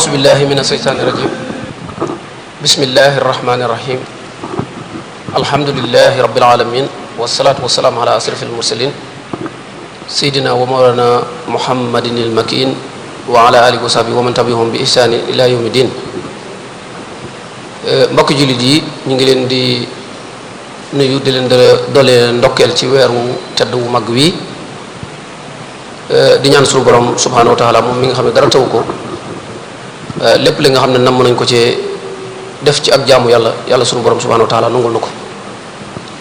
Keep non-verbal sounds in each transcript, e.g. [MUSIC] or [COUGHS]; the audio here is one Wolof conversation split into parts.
أعوذ بالله من الشيطان الرجيم بسم الله الرحمن الرحيم الحمد لله رب العالمين والصلاة والسلام على أشرف المرسلين سيدنا ومولانا محمد المكين وعلى آله وصحبه ومن تبعهم بإحسان إلى يوم الدين mbokk jullit yi ñu ngi leen di nuyu di leen doole ndokkeel ci weer wu tedd wu mag wi di ñaan suñu borom subhanahu wa taala moom mi nga xam ne dara taw ko Euh, lépp li nga xam ne namm nañ ko ci def ci ak jaamu yàlla yàlla sunu borom subhanahu wa taala nangul na ko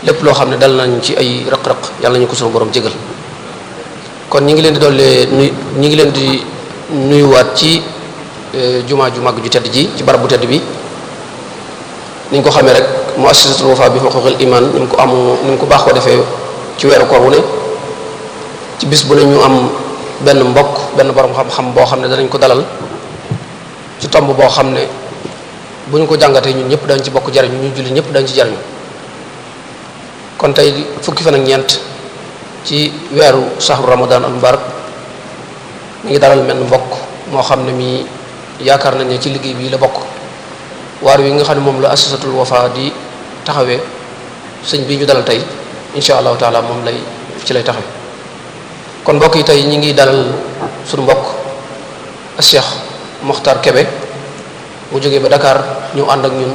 lépp loo xam ne dal nañ ci ay rëq-rëq yàlla ñu ko sunu borom jégal kon ñi ngi leen di dollee nuy ñi ngi leen di nuyuwaat ci euh, jumaa ju màgg ju tedd ji ci barab bu tedd bi ni ñu ko xamee rek muassasatul wafa bi xuquqil imaan ni mu ko amu ni mu ko baax ko defee ci weeru koor wu ne ci bis bu ne ñu am benn mbokk benn borom xam-xam boo xam ne danañ ko dalal tomb boo xam ne bu ñu ko jàngatee ñun ñëpp dañ ci bokk jariñu ñu julli ñëpp dañ ci jariñu kon tey fukki fan ak ñeent ci weeru sahru ramadan al mubarak mi ngi dalal menn mbokk moo xam ne mii yaakaar nañ ne ci liggéey bii la bokk waar wi nga xam ne moom la asasatul wafa di taxawee sëñ bii ñu dalal tey insha allahu taala moom lay ci lay taxawe kon mbokk yi tey ñu ngi dalal suñu mbokk a Mokhtar Kebe bu jógee ba dakaar ñëw ànd ak ñun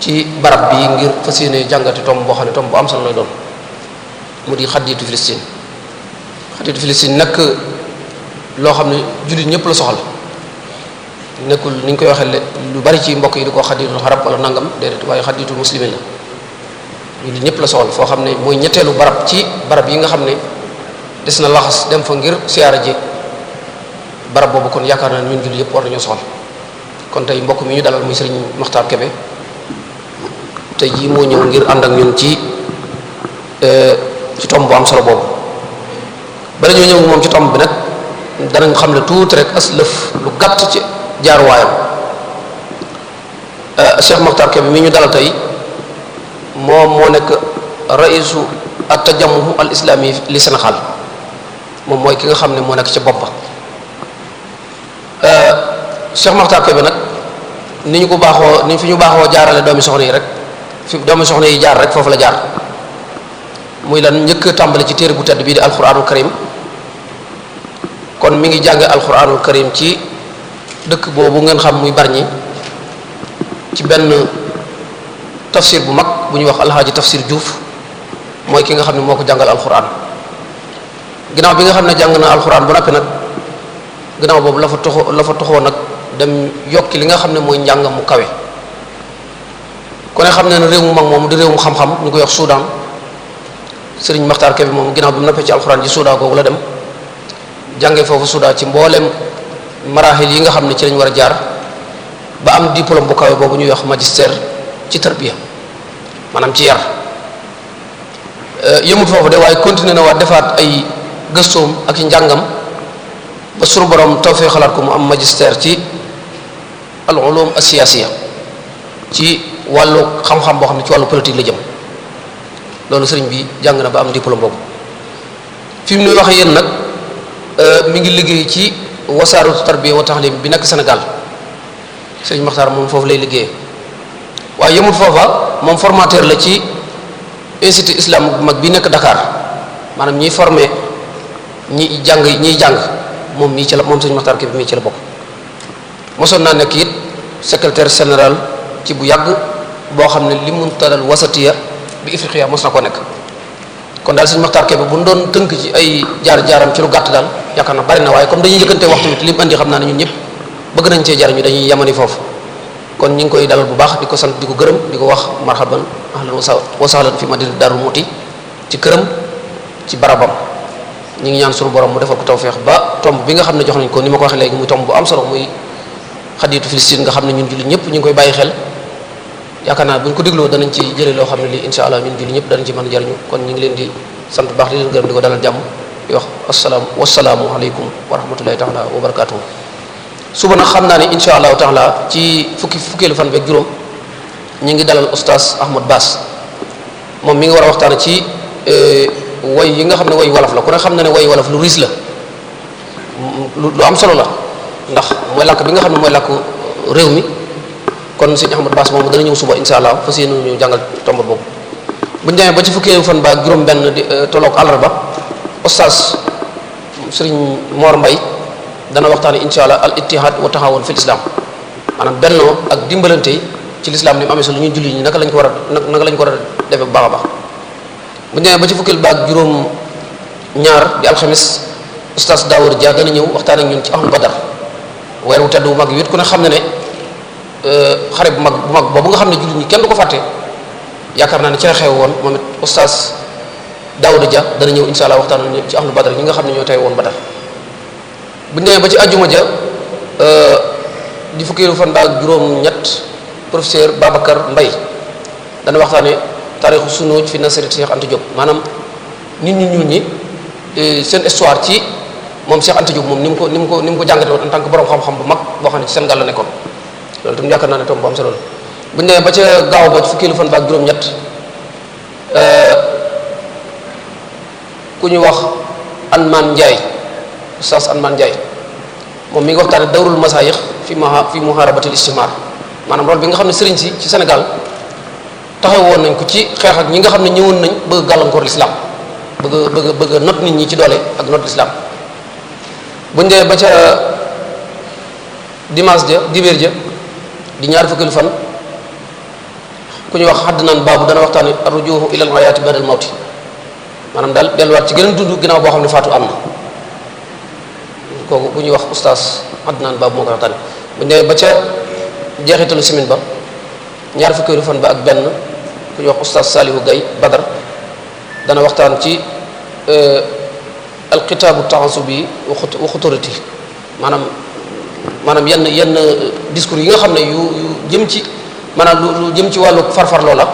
ci barab bi ngir fas yéene jàngati tomb boo xam ne tomb bu am solo lay doon mu di xaddiitu Filistin xaddiitu Filistin nag loo xam ne jullit ñëpp la soxal nekkul ni ñu koy waxee lu bari ci mbokk yi di ko xaddiitul xarab wala nangam déedéet waaye xaddiitul muslimin la ñëpp la soxal foo xam ne mooy ñetteelu barab ci barab yi nga xam ne des na laxas dem fa ngir siyaara ji barab boobu kon yaakaar naa ne ñun jullit yëpp war nañoo soxal kon tey mbokk mi ñu dalal muy seriñ Maxtaar Kebe tey jii moo ñëw ngir ànd ak ñun ci e, ci tomb bu am solo boobu ba ñoo ñëw moom ci tomb bi nag danañ xam ne tuuti rek as lu gàtt ci jaaruwaayam e, Cheikh Maxtaar Kebe mi ñu dalal tey moom moo nekk raisu at tajamuhu al islami li Sénégal moom mooy ki nga xam ne moo nekk ci boppa Cheikh Makhtar Kébé nag ni ñu ko baaxoo ni fi ñu baaxoo jaarale doomi soxna yi rek fi doomi soxna yi jaar rek foofu la jaar muy lan njëkk tàmbali ci téere bu tedd bii di alquranul karim kon mi ngi jàng alquranul karim ci dëkk boobu ngeen xam muy barñi ci benn tafsir bu mag bu ñuy wax alxaaji tafsir juuf mooy ki nga xam ne moo ko jàngal alquran ginnaaw bi nga xam ne jàng na alquran bu noppi nag ginnaaw boobu la fa toxo la fa toxoo nag dem yokki li nga xam ne mooy njàngam mu kawe kone xam ne ne réew mu mag moom di réew mu xam-xam ñu koy wax Soudan Serigne Makhtar Kébé moom ginnaaw bi mu noppee ci alxuraan ji Soudan googu la dem jànge foofu Soudan ci mboolem maraaxil yi nga xam ne ci lañ war a jaar ba am diplôme bu kawe boobu ñu wax magistère ci tarbiya maanaam ci yar euh, yëmut foofu de waaye continuer na waat defaat ay gëstoom ak i njàngam ba sunu borom tawfee xalaat ko mu am magistère ci al ulum asiyaasiya ci wàllu xam-xam boo xam ne ci wàllu politique la jëm loolu sëriñ bi jàng na ba am diplôme boobu fi mu nuy waxe yéen nag euh, mi ngi liggéey ci wasaaratu tarbiya wa taxlim bi nekk Sénégal sëriñ Maxtaar moom foofu lay liggéeyee waaye yemul foofa moom formateur la ci institut islaam bu mag bi nekk dakaar maanaam ñiy formé ñi jàng ñiy jàng moom nii ci la moom sëriñ Maxtaar Kébé mii ci la bokk mosoon naa nekk it secrétaire sénéral ci bu yàgg boo xam ne li mun talal wasatiya bi ifriqiya mos na ko nekk kon daal suñu Maxtaar Kebe bu ñu doon tënk ci ay jaar-jaaram ci lu gàtt daal yaakaar na bari na waaye comme dañuy yëkkante waxtu bi li mu andi xam naa ne ñun ñëpp bëgg nañ cee jariñu dañuy yamani foofu kon ñu ngi koy dalal bu baax di ko sant di ko gërëm di ko wax marhaban ahlan wa sahlan fi di Daaru Muti ci këram ci barabam ñu ngi ñaan suñu mu defal ko tawfeex ba tomb bi nga xam ne jox nañ ko ni ma ko waxee léegi muy bu am solo muy xadiitu Filistin nga xam ne ñun jullit ñëpp ñu ngi koy bàyyi xel yaakaar naa bu ñu ko dégloo danañ ci jële loo xam ne li insha allah ñun jullit ñëpp danañ ci mën a jariñu kon ñu ngi leen di sant bu baax di leen gërëm di ko dalal jàmm di wax asalaam wasalaamu aleykum wa rahmatullahi taala wa barakatuhu suba nag xam naa ne insha allahu taala ci fukki fukkeelu fan beeg juróom ñu ngi dalal oustaz Ahmad baas moom mi ngi war a waxtaan ci eh, woy yi nga xam ne woy wolof la ku ne xam na ne woy wolof lu riis la lu am solo la mooy làkk bi nga xam ne mooy làkk réew mi kon sëñ Ahmad Bass moom dana ñëw suba insha allah fas yéene ñu jàngal tomb boobu bu ñu ba ci fukkeelu fan ba juróom benn di euh, tolloog àllarba oustaz sëriñ Mor Mbay dana waxtaane insha allah al ittihad wa taxawoon fil islam maanaam bennoo ak dimbalante ci lislaam ni mu amee solo ñuy julli ñi lañ ko war a naka lañ ko war a bu baax a bu ñu ba ci fukkeel ba ak juróom ñaar di alxamis oustaz Daawur Dia dana ñëw waxtaan ak ñun ci ahlu badar weer wu tedd bu mag it ku ne xam na ne euh, xare bu mag bu mag boobu nga xam ne jullit ñi kenn du ko fàtte yaakaar naa ne ci la xew woon moom it oustaz Daouda Dia dana ñëw insha allah waxtaan ci ahlu badar ñi nga xam ne ñoo tey woon badar bu ñu ba ci ajjuma ja euh, di fukkeelu fan baak juróom-ñett professeur Babacar mbay dana waxtaane taarixu sunuuj fi nasarati Cheikh Anta Diop maanaam nit ñi ñuul ñi euh, seen histoire ci moom Cheikh Anta Diop moom ni mu ko ni mu ko ni mu ko jàngate woon en tant que borom xam-xam bu mag boo xam ne ci Sénégal la nekkoon loolu tam yaakaar naa ne tomb bu am solo la ñu demee ba ca gaaw ba fukkeelu fan ba ak juróom-ñett euh, ku ñu wax Anman Ndiaye Oustaz Anman Ndiaye moom mi ngi waxtaane dawrul masaayix fi ma fi muharabatil istimar maanaam loolu bi nga xam ne sëriñ si ci Sénégal taxawoon nañ ko ci xeex ak ñi nga xam ne ñëwoon nañ bëgg gàllankoor lislaam bëgg bëgg bëgg not nit ñi ci doole ak not lislaam buñ dee ba ca euh, dimanche ja dibéer ja di ñaar fukki fan ku ñu wax xadd naan baabu dana waxtaane arrujuhu ilal hayaati ba'dal mawti maanaam daal delluwaat ci gëneen dund ginnaaw boo xam ne faatu am na kooku bu ñuy wax oustaz Adnaan Babu moo ko waxtaane bu ne ba ca jeexitalu semaine ba ñaar fukki fan ba ak benn ku ñuy wax oustaz Salihu Gaye Badar dana waxtaan ci euh, alxitaabu taxasu bi waxut waxuturati maanaam maanaam yenn yenn discours yi nga xam ne yu yu jëm ci maanaam lu lu jëm ci wàllu farfar loola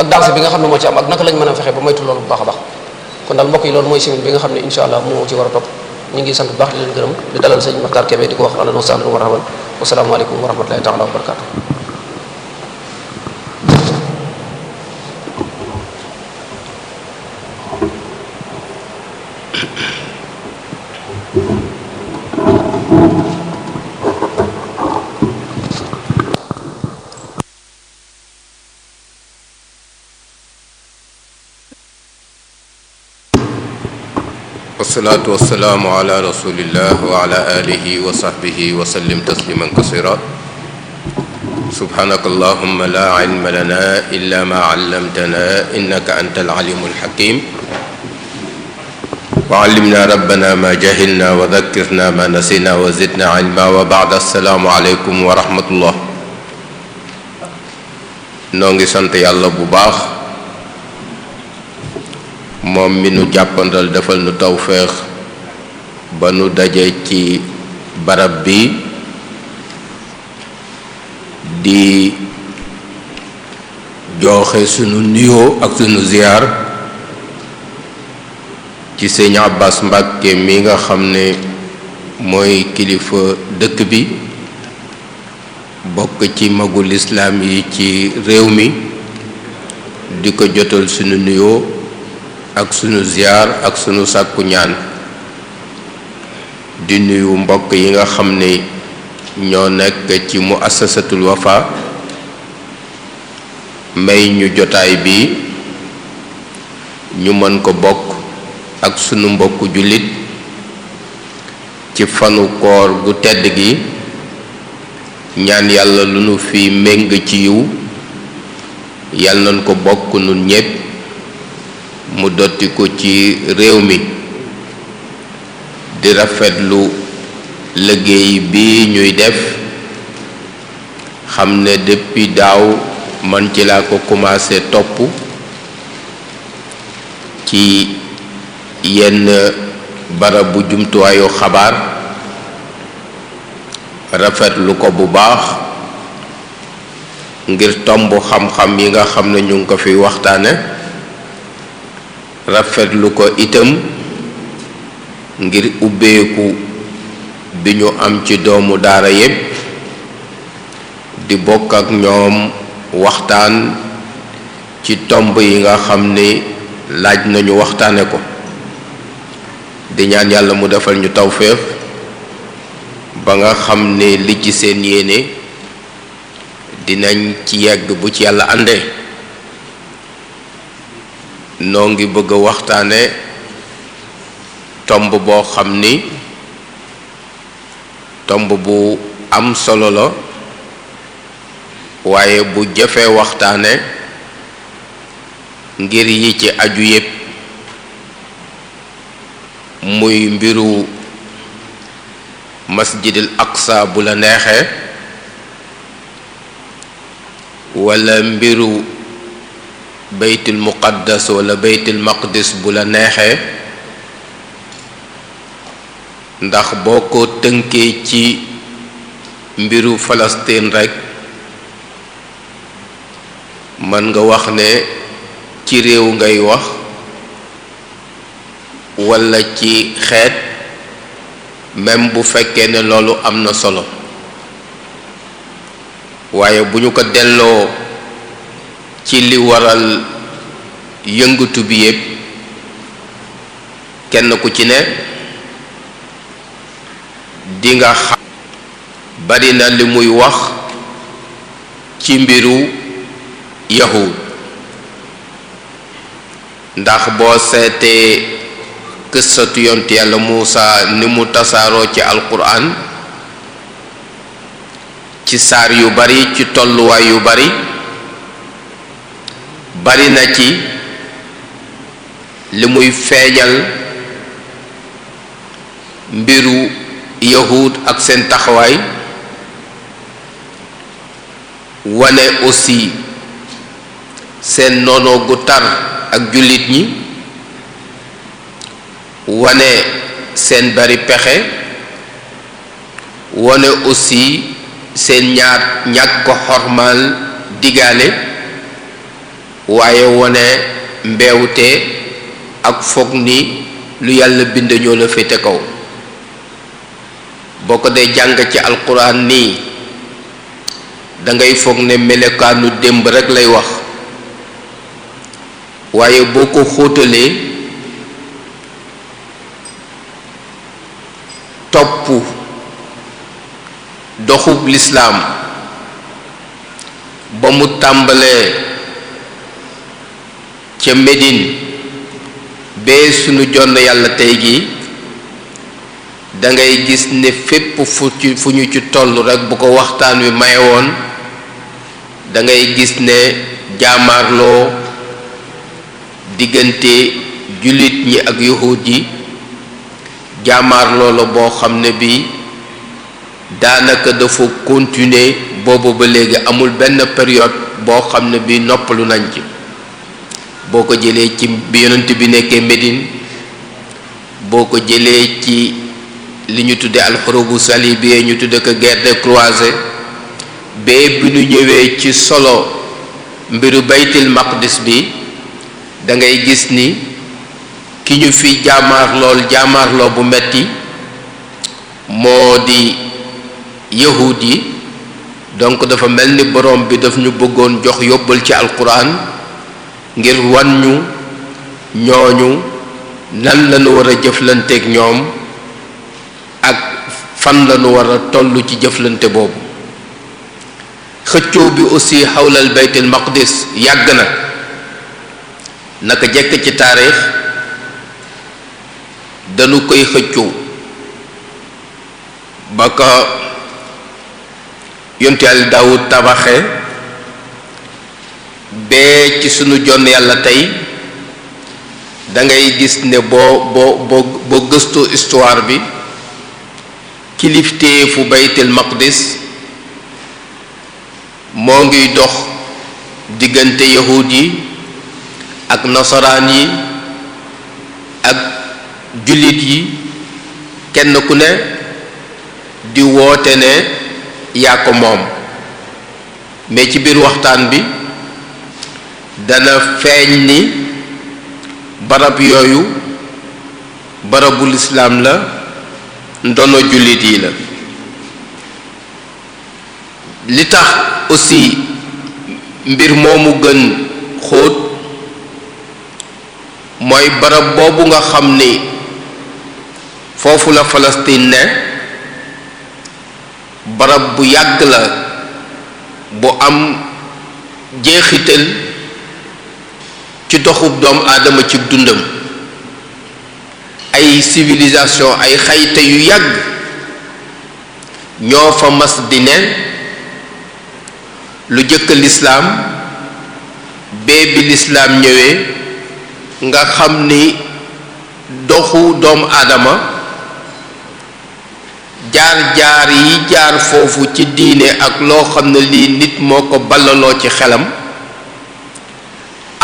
ak dansé bi nga xam ne moo ci am ak naka lañ mën a fexe ba moytu loolu bu baax a baax kon daal mbokk yi loolu mooy semaine bi nga xam ne insha allah moo ci war a topp ñu ngi sant bu baax di leen gërëm di dalal sëñ Maxtaar Kebe di ko wax alal wasalaam wa rahmatulah wasalaamaaleykum wa rahmatulahi taala wa barakaatu. Thank [COUGHS] wasalaatu wasalaamu ala rasulillah wa ala alihi wa sahbihi wa sallim tasliman kasira subhaanaka allahumma la ilma lana illa ma allamtana innaka anta alalimu alxakim wa allimna rabbana ma jahilna wa dakkirna ma nasina wa zidna ilma wa baad assalaamu aleykum wa rahmatullah noo ngi sant yàlla bu baax moom mi nu jàppandal defal nu tawféex ba nu daje ci barab bi di jooxe sunu nuyoo ak sunu ziyaar ci sëñ Abbas Mbàkke mi nga xam ne mooy kilifa dëkk bi bokk ci magul islaam yi ci réew mi di ko jotal sunu nuyoo ak sunu ziar ak sunu sàkku ñaan di nuyu mbokk yi nga xam ne ñoo nekk ci mu assasatul wafa may ñu jotaay bi ñu mën ko bokk ak sunu mbokk jullit ci fanu koor gu tedd gi ñaan yàlla lu nu fi méng ci yiw yàlla nañ ko bokk nun ñépp mu dotti ko ci réew mi di rafetlu liggéey bi ñuy def xam ne depuis daaw man ci laa ko commencé topp ci yenn barabu jumtuwaayu xabaar rafetlu ko bu baax ngir tomb xam-xam yi nga xam ne ñu ngi ko fiy waxtaane rafetlu ko itam ngir ubbeeku bi ñu am ci doomu daara yépp di bokk ak ñoom waxtaan ci tomb yi nga xam ni laaj nañu waxtaane ko di ñaan yàlla mu defal ñu tawféex ba nga xam ne li seen yéene dinañ ci yegg bu ci yàlla àndee noo ngi bëgg waxtaane tomb boo xam ni tomb bu am solo la waaye bu jafee waxtaane ngir yi ci aju yépp muy mbiru masjidil aqsa bu la neexee walla mbiru baytul muqaddas wala baytul maqdis bu la neexee ndax boo ko tënkee ci mbiru Palestine rekk mën nga wax ne ci réew ngay wax walla ci xeet même bu fekkee ne loolu am na solo waaye bu ñu ko delloo ci li waral yëngatu bi yépp kenn ku ci ne dinga nga xam bari li muy wax ci mbiru yahud ndax boo seetee qissatu yontu yàlla Muusa ni mu tasaaroo ci alquran ci saar yu bari ci tolluwaay yu bari bari na ci li muy feeñal mbiru yahud ak seen taxawaay wane aussi seen noonoo gu tar ak jullit ñi wane seen bari pexe wane aussi seen ñaar ñàkk ko xormaal digaale waaye wone mbeewte ak foog ni lu yàlla bind ñoo la féete kaw boo ko dee jàng ci alquran nii dangay foog ne melokaanu démb rekk lay wax waaye boo ko xóotalee topp doxub lislaam ba mu tàmbalee ca Médine bee sunu jonn yàlla tey gii dangay gis ne fépp fu ci fu ñu ci toll rekk bu ko waxtaan wi maye woon dangay gis ne jaamaarloo diggante jullit ñi ak yahuud yi jaamaarloo la boo xam ne bi daanaka dafa continuer boobu ba léegi amul benn période boo xam ne bii noppalu nañ ci boo ko jëlee ci bi yonent bi nekkee Médine boo ko jëlee ci li ñu tudde alxurubu salibiyee ñu tudde ko guerre des croisés bee bi ñu ñëwee ci solo mbiru baytil maqdis bi dangay gis ni ki ñu fi jaamaar lool jaamaar loo bu metti moo di yahud yi donc dafa mel ni borom bi dafa ñu bëggoon jox yóbbal ci alquran ngir wan ñu ñooñu nan lañu war a jëflanteeg ñoom ak fan lañu war a toll ci jëflante boobu xëccoo bi aussi xawlal baytul maqdis yàgg na naka jekk ci taarix dañu koy xëccoo ba ko yonte yàlla daawud tabaxe bee ci sunu jonn yàlla tey dangay gis ne boo boo boo boo gëstoo bi kilifteefu baytil maqdis moo ngiy dox diggante yahud yi ak nasaraan yi ak jullit yi kenn ku ne di woote ne yaa ko moom mais ci biir waxtaan bi dana feeñ ni barab yooyu barabu lislaam la ndono jullit yi la li tax aussi mbir moomu gën xóot mooy barab boobu nga xam ni foofu la falastine ne barab bu yàgg la bu am jeexital ci doxu doomu aadama ci dundam ay civilisation ay xayte yu yàgg ñoo fa mas di ne lu jëkk lislaam bee bi lislaam ñëwee nga xam ni doxu doomu aadama jaar-jaar yi jaar foofu ci diine ak loo xam ne lii nit moo ko ballaloo ci xelam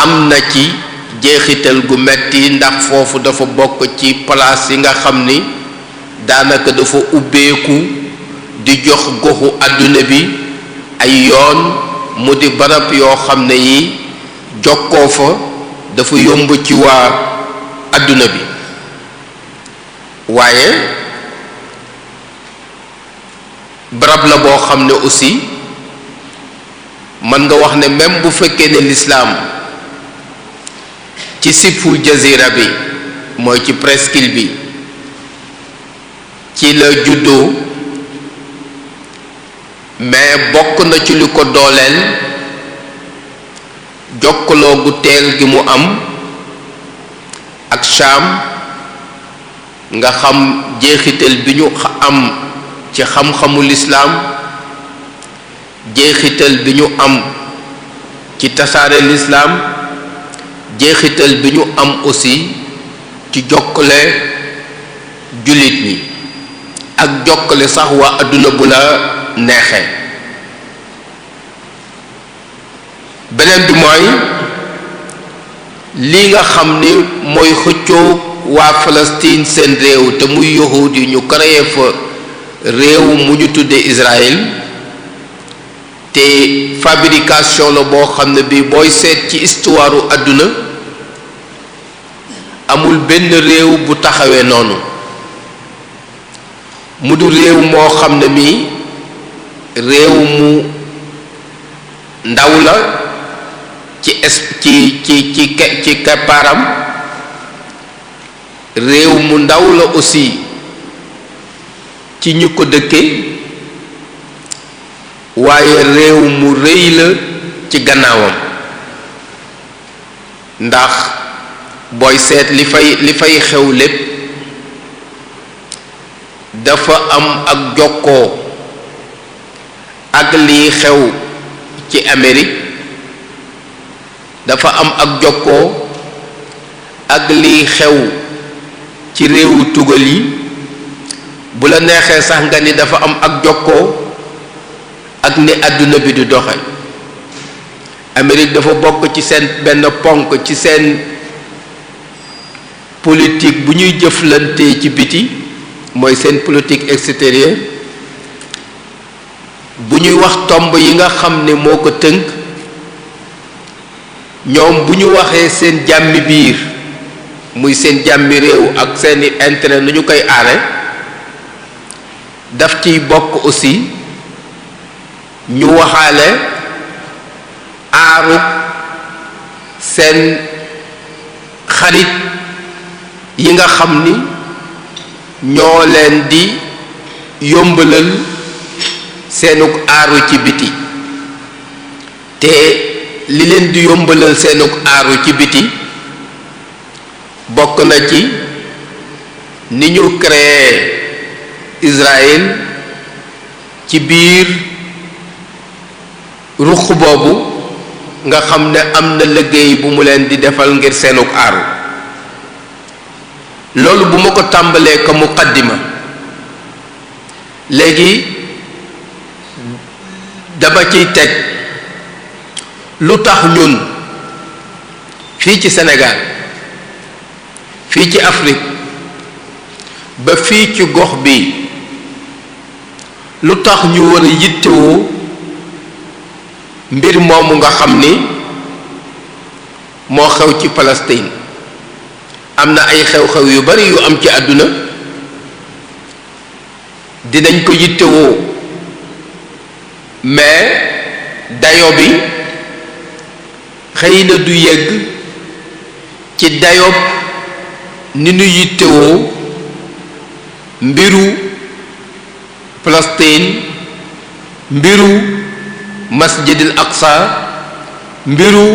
am na ci jeexital gu metti ndax foofu dafa bokk ci palaas yi nga xam ni daanaka dafa ubbeeku di jox goxu àdduna bi ay yoon mu di barab yoo xam ne yi jokkoo fa dafa yomb ci waa àdduna bi waaye barab la boo xam ne aussi mën nga wax ne même bu fekkee ne lislaam ci siful jazira bi mooy ci presqu'île bi ci la juddo mais bokk na ci lu ko dooleel jokkaloo gu teel gi mu am ak Sham nga xam jeexital bi ñu am ci xam-xamu lislaam jeexital bi ñu am ci tasaare lislaam jeexital bi ñu am aussi ci jokkale jullit ñi ak jokkale sax waa adduna bu la neexee beneen bi mooy li nga xam ni mooy xëccoo waa Palestine seen réew te muy yahuud yi ñu créé fa réew mu ñu tuddee Israël te fabrication la boo xam ne bi booy seet ci histoire àdduna amul benn réew bu taxawee noonu mu du réew moo xam ne mii réew mu ndaw la ci es ci ci réew mu ndaw la aussi ci ñu ko dëkke waaye réew mu rëy la ci gannaawam ndax booy seet li fay li fay xew lépp dafa am ak jokkoo ak lii xew ci Amérique dafa am ak jokkoo ak lii xew ci réewu tugal yi bu la neexee sax nga ni dafa am ak jokkoo ak ni àdduna bi di doxe Amérique dafa bokk ci seen benn ponk ci seen politique bu ñuy jëflantee ci biti mooy seen politique extérieure bu ñuy wax tomb yi nga xam ne moo ko tënk ñoom bu ñu waxee seen jàmmi biir muy seen jàmmi réew ak seeni intérêt nañu koy aare daf ciy bokk aussi ñu waxaale aaru seen xarit yi nga xam ni ñoo leen di yombalal seenug aaru ci biti te li leen di yombalal seenug aaru ci biti bokk na ci ni ñu créé Israël ci biir ruq boobu nga xam ne am na liggéey bu mu leen di defal ngir seenug aaru loolu bu ma ko tàmbalee ko muqaddima léegi dama ciy teg lu tax ñun fii ci senegal fii ci Afrique ba fii ci gox bi lu tax ñu war a yittewoo mbir moomu nga xam ni moo xew ci Palestine am na ay xew-xew yu bari yu am ci àdduna dinañ ko yittewoo mais dayo bi xëy na du yegg ci dayob ni ñu yittewoo mbiru Palestine mbiru masjidil aqsa mbiru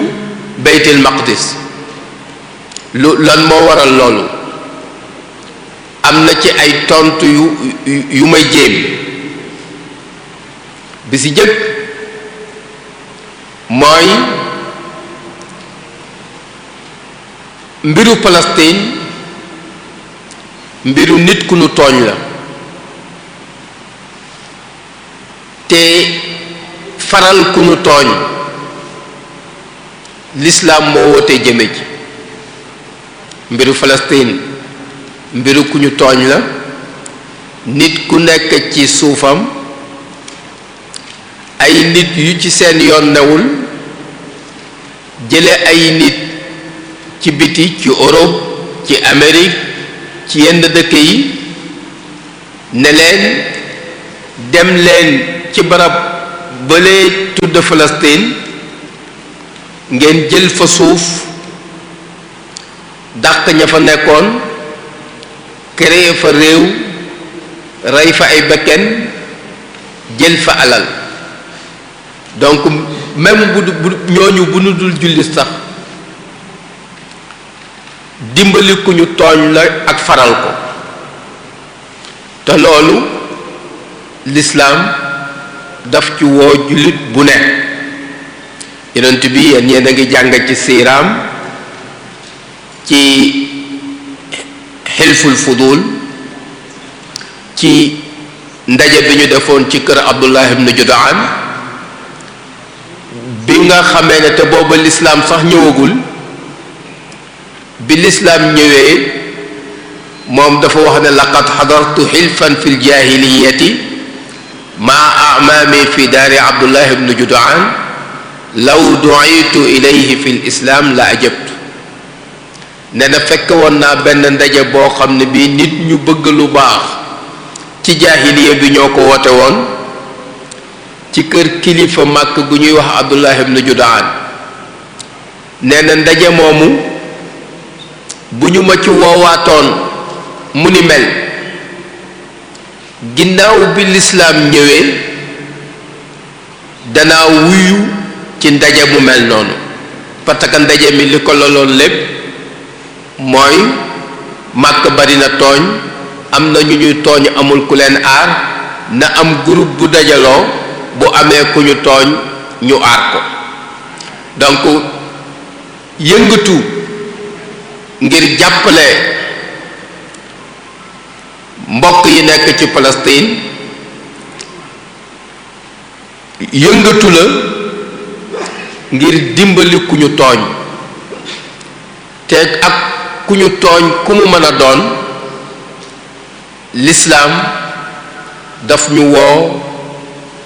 beytil maqdis lu moo waral loolu am na ci ay tontu yu yu may jéem bi si jëkk mooy mbiru Palestine mbiru nit ku nu tooñ la te faral ku nu tooñ lislaam moo woote jëme ji mbiru Palestine mbiru ku ñu tooñ la nit ku nekk ci suufam ay nit yu ci seen yoon newul jële ay nit ci biti ci Europe ci amerig ci yenn dëkk yi ne leen dem leen ci barab bële tudd Palestine ngeen jël fa suuf dàq ña fa nekkoon créer fa réew rey fa ay bekken jël fa alal donc même bu ñooñu bu nu dul jullit sax dimbalikuñu ku tooñ la ak faral ko te loolu lislaam daf ci woo jullit bu ne yonent bi yéen yen a ngi jàng ci siiraam ci xilful fudul ci ndaje bi ñu defoon ci kër Abdullah ibn Judaan bi nga xamee ne te booba lislaam sax ñëwagul bi lislaam ñëwee moom dafa wax ne laqad xadartu xilfan fi ljahiliyati maa amaami fi daari Abdullah ibn Judaan law duitu ilayhi fi lislaam la ajabtu ne na fekk naa benn ndaje boo xam ne bii nit ñu bëgg lu baax ci jaahiliya bi ñoo ko woote woon ci kër kilifa màkk gu ñuy wax Abdullah ibn Judaan nee na ndaje moomu bu ñu ma ci woowaatoon mu ni mel ginnaaw bi lislaam ñëwee danaa wuyu ci ndaje mu mel noonu parce que ndaje mi li ko loloon lépp mooy màkk bari na tooñ am na ñu ñuy tooñ amul ku leen aar na am groupe bu dajaloo bu amee ku ñu tooñ ñu aar ko donc yëngatu ngir jàppale mbokk yi nekk ci Palestine yëngatu la ngir dimbali ku ñu tooñ te ak ku ñu tooñ ku mu mën a doon lislaam daf ñu woo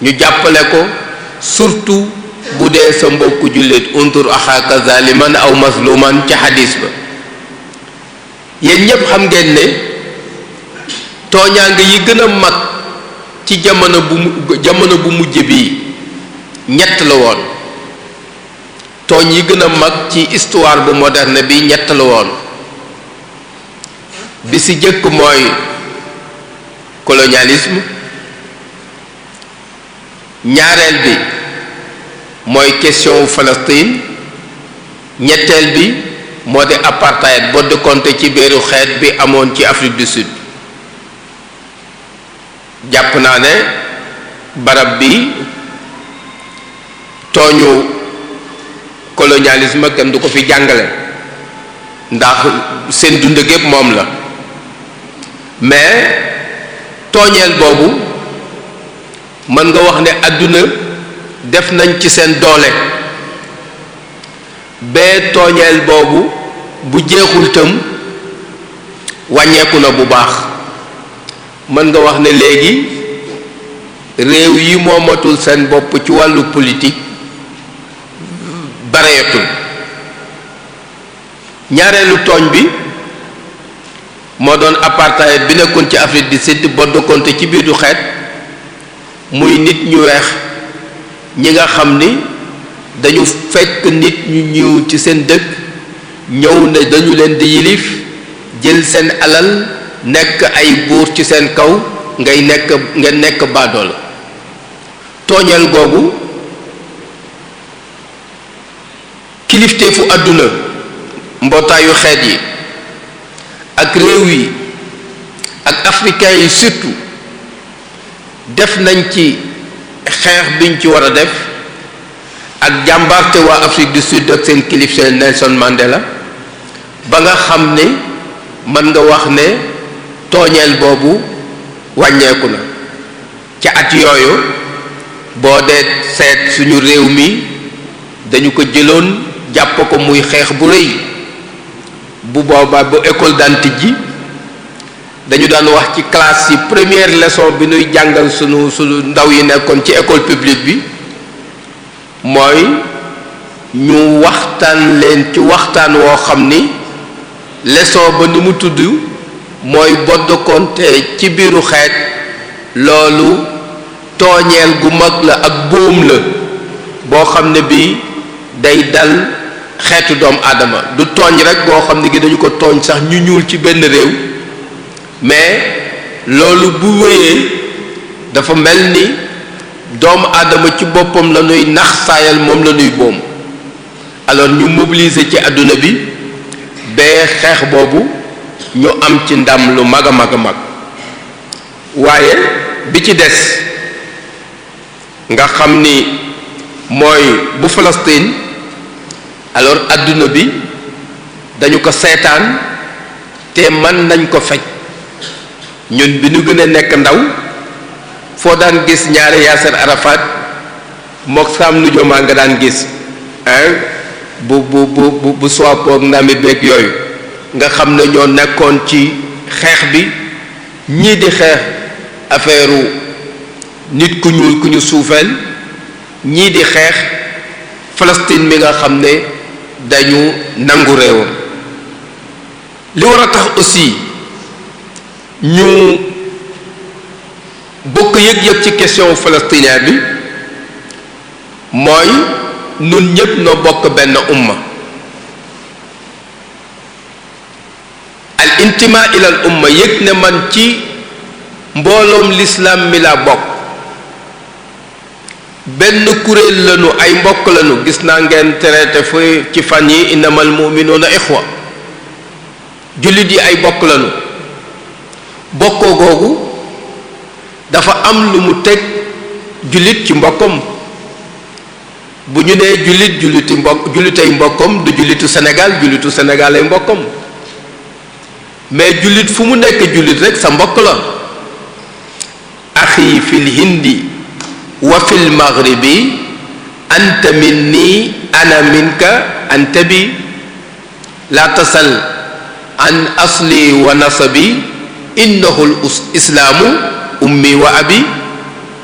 ñu jàppale ko surtout bu dee sa mbokku jullit untur axaaka zaliman aw mazluman ci xadis ba yéen ñépp xam ngeen ne yi gën mag ci jamono bu mujj bi ñett la woon tooñ yi gën a mag ci histoire bu moderne bi ñett la woon bi si jëkk mooy colonialisme ñaareel bi mooy question wu Palestine ñetteel bi moo de apartheid boo dëkkoonte ci biiru xeet bi amoon ci Afrique du Sud jàpp naa ne barab bi tooñu colonialisme kenn du ko fi jàngale ndax seen dund gépp moom la mais tooñeel boobu mën nga wax ne àdduna def nañ ci seen doole bee tooñeel boobu bu jeexul tam wàññeeku na bu baax mën nga wax ne léegi réew yi moomatul seen bopp ci wàllu politique bareetul ñaareelu tooñ bi moo doon apartheid bi nekkoon ci Afrique du Sud bodd konte ci biiru xeet muy nit ñu weex ñi nga xam ni dañu fekk nit ñu ñëw ci seen dëkk ñëw ne dañu leen di yilif jël seen alal nekk ay buur ci seen kaw ngay nekk nga nekk baadool tooñal googu kilifteefu àdduna mbootaayu xeet yi ak réew yi ak africain yi situ def nañ ci xeex biñ ci war a def ak jàmbarte waa Afrique du Sud ak seen kilif seen Nelson Mandela ba nga xam ne mën nga wax ne tooñeel boobu wàññeeku na ca at yooyu boo dee seet suñu réew mi dañu ko jëloon jàpp ko muy xeex bu rëy bu boobaa bu école daan ji dañu daan wax ci classe yi première leçon bi ñuy jàngal sunu sunu ndaw yi nekkoon ci école publique bi mooy ñu waxtaan leen ci waxtaan woo xam ni leson ba ni mu tudd mooy bodd ci biiru xeet loolu tooñeel gu mag la ak buum la boo xam ne bii day dal xeetu doomu aadama du tooñ rek boo xam ne gi dañu ko tooñ sax ñu ñuul ci benn réew mais loolu bu wéyee dafa mel ni doomu aadama ci boppam la nax saayal moom la ñuy boom alors ñu mobiliser ci àdduna bi bee xeex boobu ñu am ci ndam lu mag a mag a mag waaye bi ci des nga xam ni mooy bu Palestine alors adduna bi dañu ko seetaan te man nañ ko faj ñun bi ñu gën nekk ndaw foo daan gis ñaari Yasser Arafat mook saam nu joomaa nga daan gis bu bu bu bu soipoog ndami beeg yooyu nga xam ne ñoo nekkoon ci xeex bi ñii di xeex affaire nit ku ñuul ku ñu suufeel ñii di xeex Palestine bi nga xam ne dañu nangu réewam li war a tax aussi ñu bokk yëg-yëg ci question palestinienne bi mooy nun ñépp noo bokk benn umma al intima ila al yëg ne man ci mbooloom l'islam mi laa bokk benn kuréel lañu ay mbokk lañu gis naa ngeen traité fu ci fan yi innamal mu'minuuna ixwa jullit yi ay bokk lañu bokkoo googu dafa am lu mu teg jullit ci mbokkam bu ñu nee jullit julliti mbokk jullitay mbokkam du jullitu Sénégal jullitu Sénégal ay mbokkam mais jullit fu mu nekk jullit rek sa mbokk la axi fil hindi wa maghribi anta minni ana bi la tasal an asli wa nasabi innahu l islaamu ummi wa abi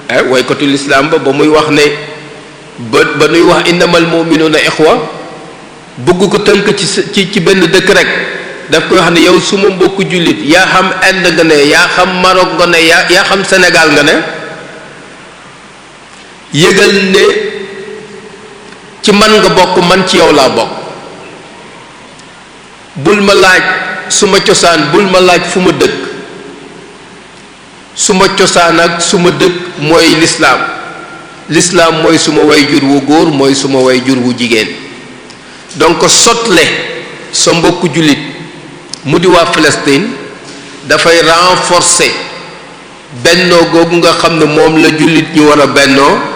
eh, waykatu lislaam ba ba muy wax ne ba ba nuy wax innamal muminuuna ixwa bëgg ko tënk ci ci benn dëkk rek daf koy wax ne yow suma mbokku jullit yaa xam Inde nga ne yaa xam Maroc nga ne yaa xam Sénégal nga ne yëgal ne ci man nga bokk man ci yow laa bokk bul ma laaj suma cosaan bul ma laaj fu ma dëkk suma cosaan ak suma dëkk mooy lislaam lislaam mooy suma way jur wu góor mooy suma way jur wu jigéen donc sotle sa mbokku jullit mu di waa Palestine dafay renforcer bennoo googu nga xam ne moom la jullit ñu war a bennoo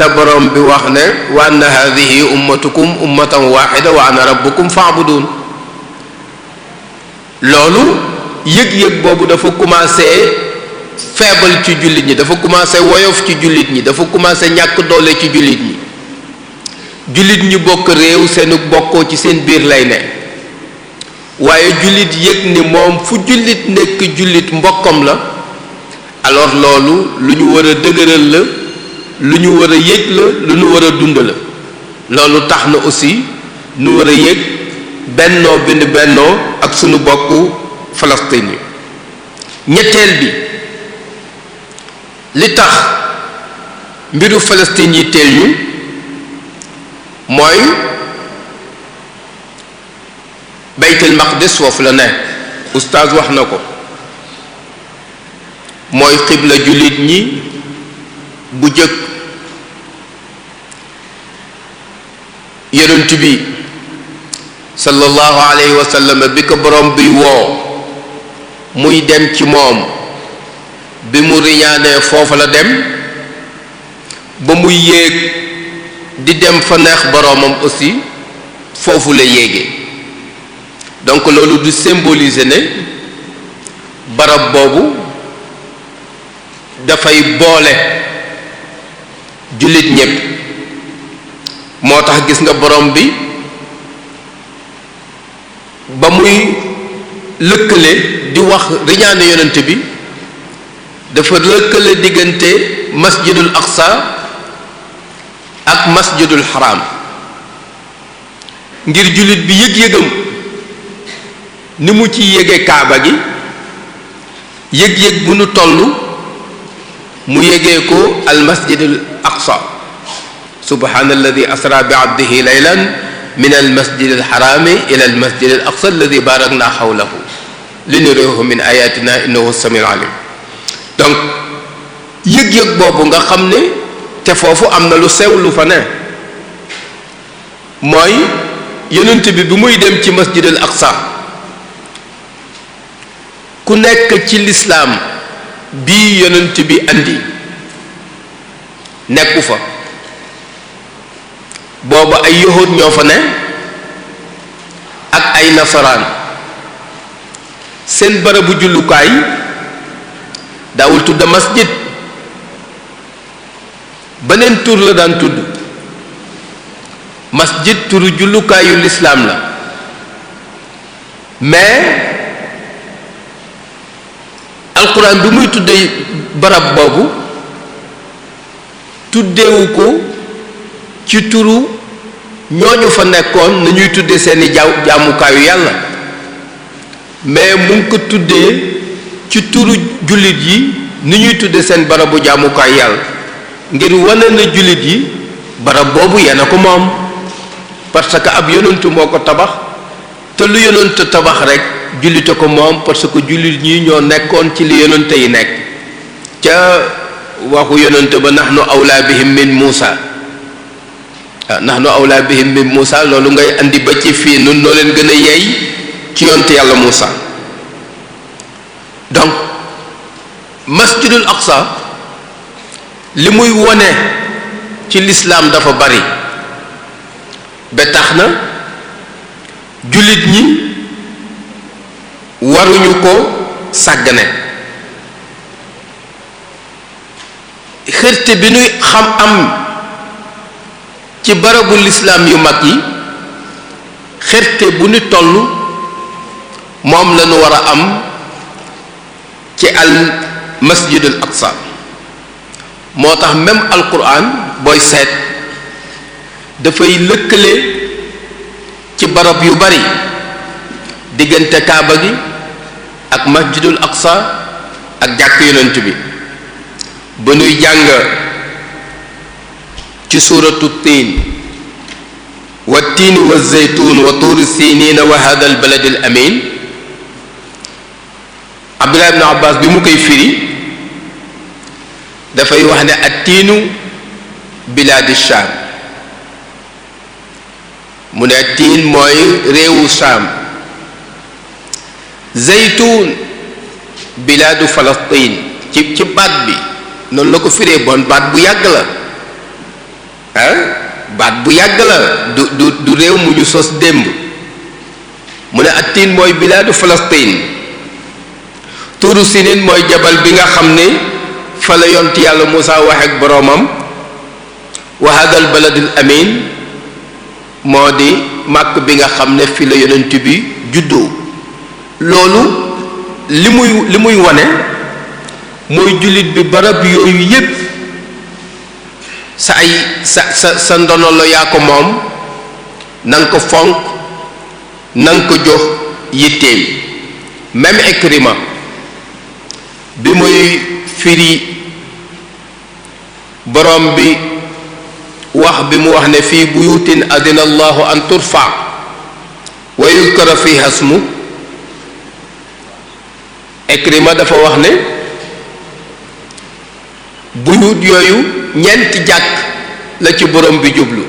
te borom bi wax ne wa anna hadihi ummatukum ummatan waxida wa ana rabbukum faabudun loolu yëg-yëg boobu dafa commencé feebal ci jullit ñi dafa commencé woyof ci jullit ñi dafa commencé ñàkk doole ci jullit ñi jullit ñu bokk réew seenu bokkoo ci seen biir lay ne waaye jullit yëg ni moom fu jullit nekk jullit mbokkam la alors loolu lu ñu war a dëgëral la lu ñu war a yëg la lu ñu war a dund la loolu tax na aussi nu war a yëg bennoo bind bennoo ak sunu bokku Palestine yi ñetteel bi li tax mbiru Palestine yi teel ñu mooy baytul maqdis foofu la ne oustaz wax na ko mooy xibla jullit ñi bu jëkk yonent bi sallallahu alayhi wa bi ko borom bi woo muy dem ci moom bi mu riñaanee foofa la dem ba muy yéeg di dem fa neex boromam aussi foofu la yéege donc loolu du symboliser ne barab boobu dafay boole jullit ñépp moo tax gis nga borom bi ba muy lëkkale di wax riñaane yonent bi dafa lëkkale diggante masjidul aqsa ak masjidul xaraam ngir jullit bi yëg-yëgam ni mu ci yëge kaaba gi yëg-yëg bu nu tollu mu yëgee ko al masjidul aqsa subhaana alladi asra bi abdihi laylan min almasjid alxaraami ila almasjid alaqsa alladi barakna xawlahu linurihu min ayatina innahu samiul alim donc yëg-yëg boobu nga xam ne te foofu am na lu sew lu fa ne mooy yonent bi bi muy dem ci masjid al aqsa ku nekk ci lislaam bii yonent bi andi nekku fa booba ay yahud ñoo fa ne ak ay nasaraan seen barabu jullukaay daawul tudd masjid beneen tur la daan tudd masjid turu jullukaayu lislaam la mais alquran bi muy tudde barab boobu tuddeewu ko ci turu ñooñu fa nekkoon nañuy tudde seeni jaaw jaamukaayu yàlla mais mu ngi ko tuddee ci turu jullit yi ni ñuy tudde seen barabu jaamukaay yàlla ngir wane na jullit yi barab boobu yéen a ko moom parce que ab yonentu moo ko tabax te lu yonent tabax rek jullite ko moom parce que jullit ñi ñoo nekkoon ci li yonente yi nekk ca waxu yonente ba nahnu awla bihim min Muusa nahnu awla bihim bi Moussa loolu ngay indi ba ci fii nun noo leen gën a yey ci yonte yàlla Moussa donc masjidul aqsa li muy wone ci lislaam dafa bari ba tax na jullit ñi waruñu ko sàggane xërte bi ñuy xam am ci barabu lislaam yu mag yi xerte bu ñu toll moom lañu war a am ci al masjidul aqsa moo tax même alquran booy seet dafay lëkkale ci barab yu bari diggante kaaba gi ak masjidul aqsa ak jàkk yonent bi ba ñuy jàng ci suuratu tiin wa tiini wa zaytuun wa tuuri siniina wa hada al amin abdullah ibn abbas bi mu koy firi dafay wax ne ak tiinu bilaadi shaam mu ne tiin mooy réewu shaam zaytuun bilaadu falastin ci ci baat bi noonu la ko firee bon baat bu yàgg la baat bu yàgg la du du du réew mu ñu sos démb mu ne attiin mooy bilaadu Palestine tuuru sinin mooy jabal bi nga xam ne fa la yont yàlla Moussa wax ak boroomam wa hadal baladil amin moo di màkk bi nga xam ne fi la yonent bi juddoo loolu li muy li muy wone mooy jullit bi barab yooyu yépp sa ay sa sa sa ndono yaa ko moom na ko fonk na ko jox yitteem même Ikrima bi muy firi borom bi wax bi mu wax ne fii buyutin adina allahu an turfa wa yukara fiha ismu Ikrima dafa wax ne buyut yooyu ñeenti jàkk la ci borom bi jublu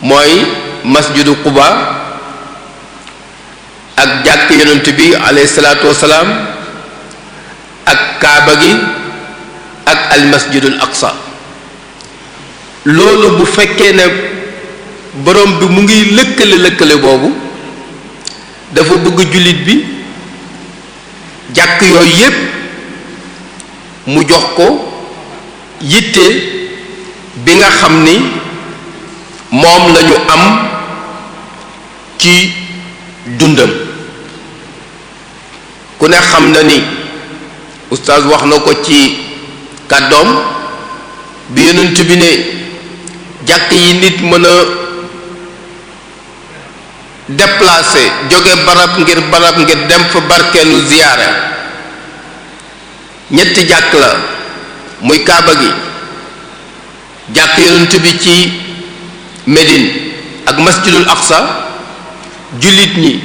mooy masjidu kuba ak jàkk yonent bi alayhi salaatu wasalaam ak kaaba gi ak almasjidul aqsa loolu bu fekkee ne borom bi mu ngi lëkkale lëkkale boobu dafa bëgg jullit bi jàkk yooyu yépp mu jox ko yitte bi nga xam ni moom lañu am ci dundam ku ne xam na ni oustaz wax na ko ci kàddoom bi yonent bi ne jàkk yi nit mën a déplacé jóge barab ngir barab ngir dem fa barkeelu ziyaara ñetti jàkk la muy kaaba gi jàkk yonent bi ci medin ak masjidul Aqsa jullit ñi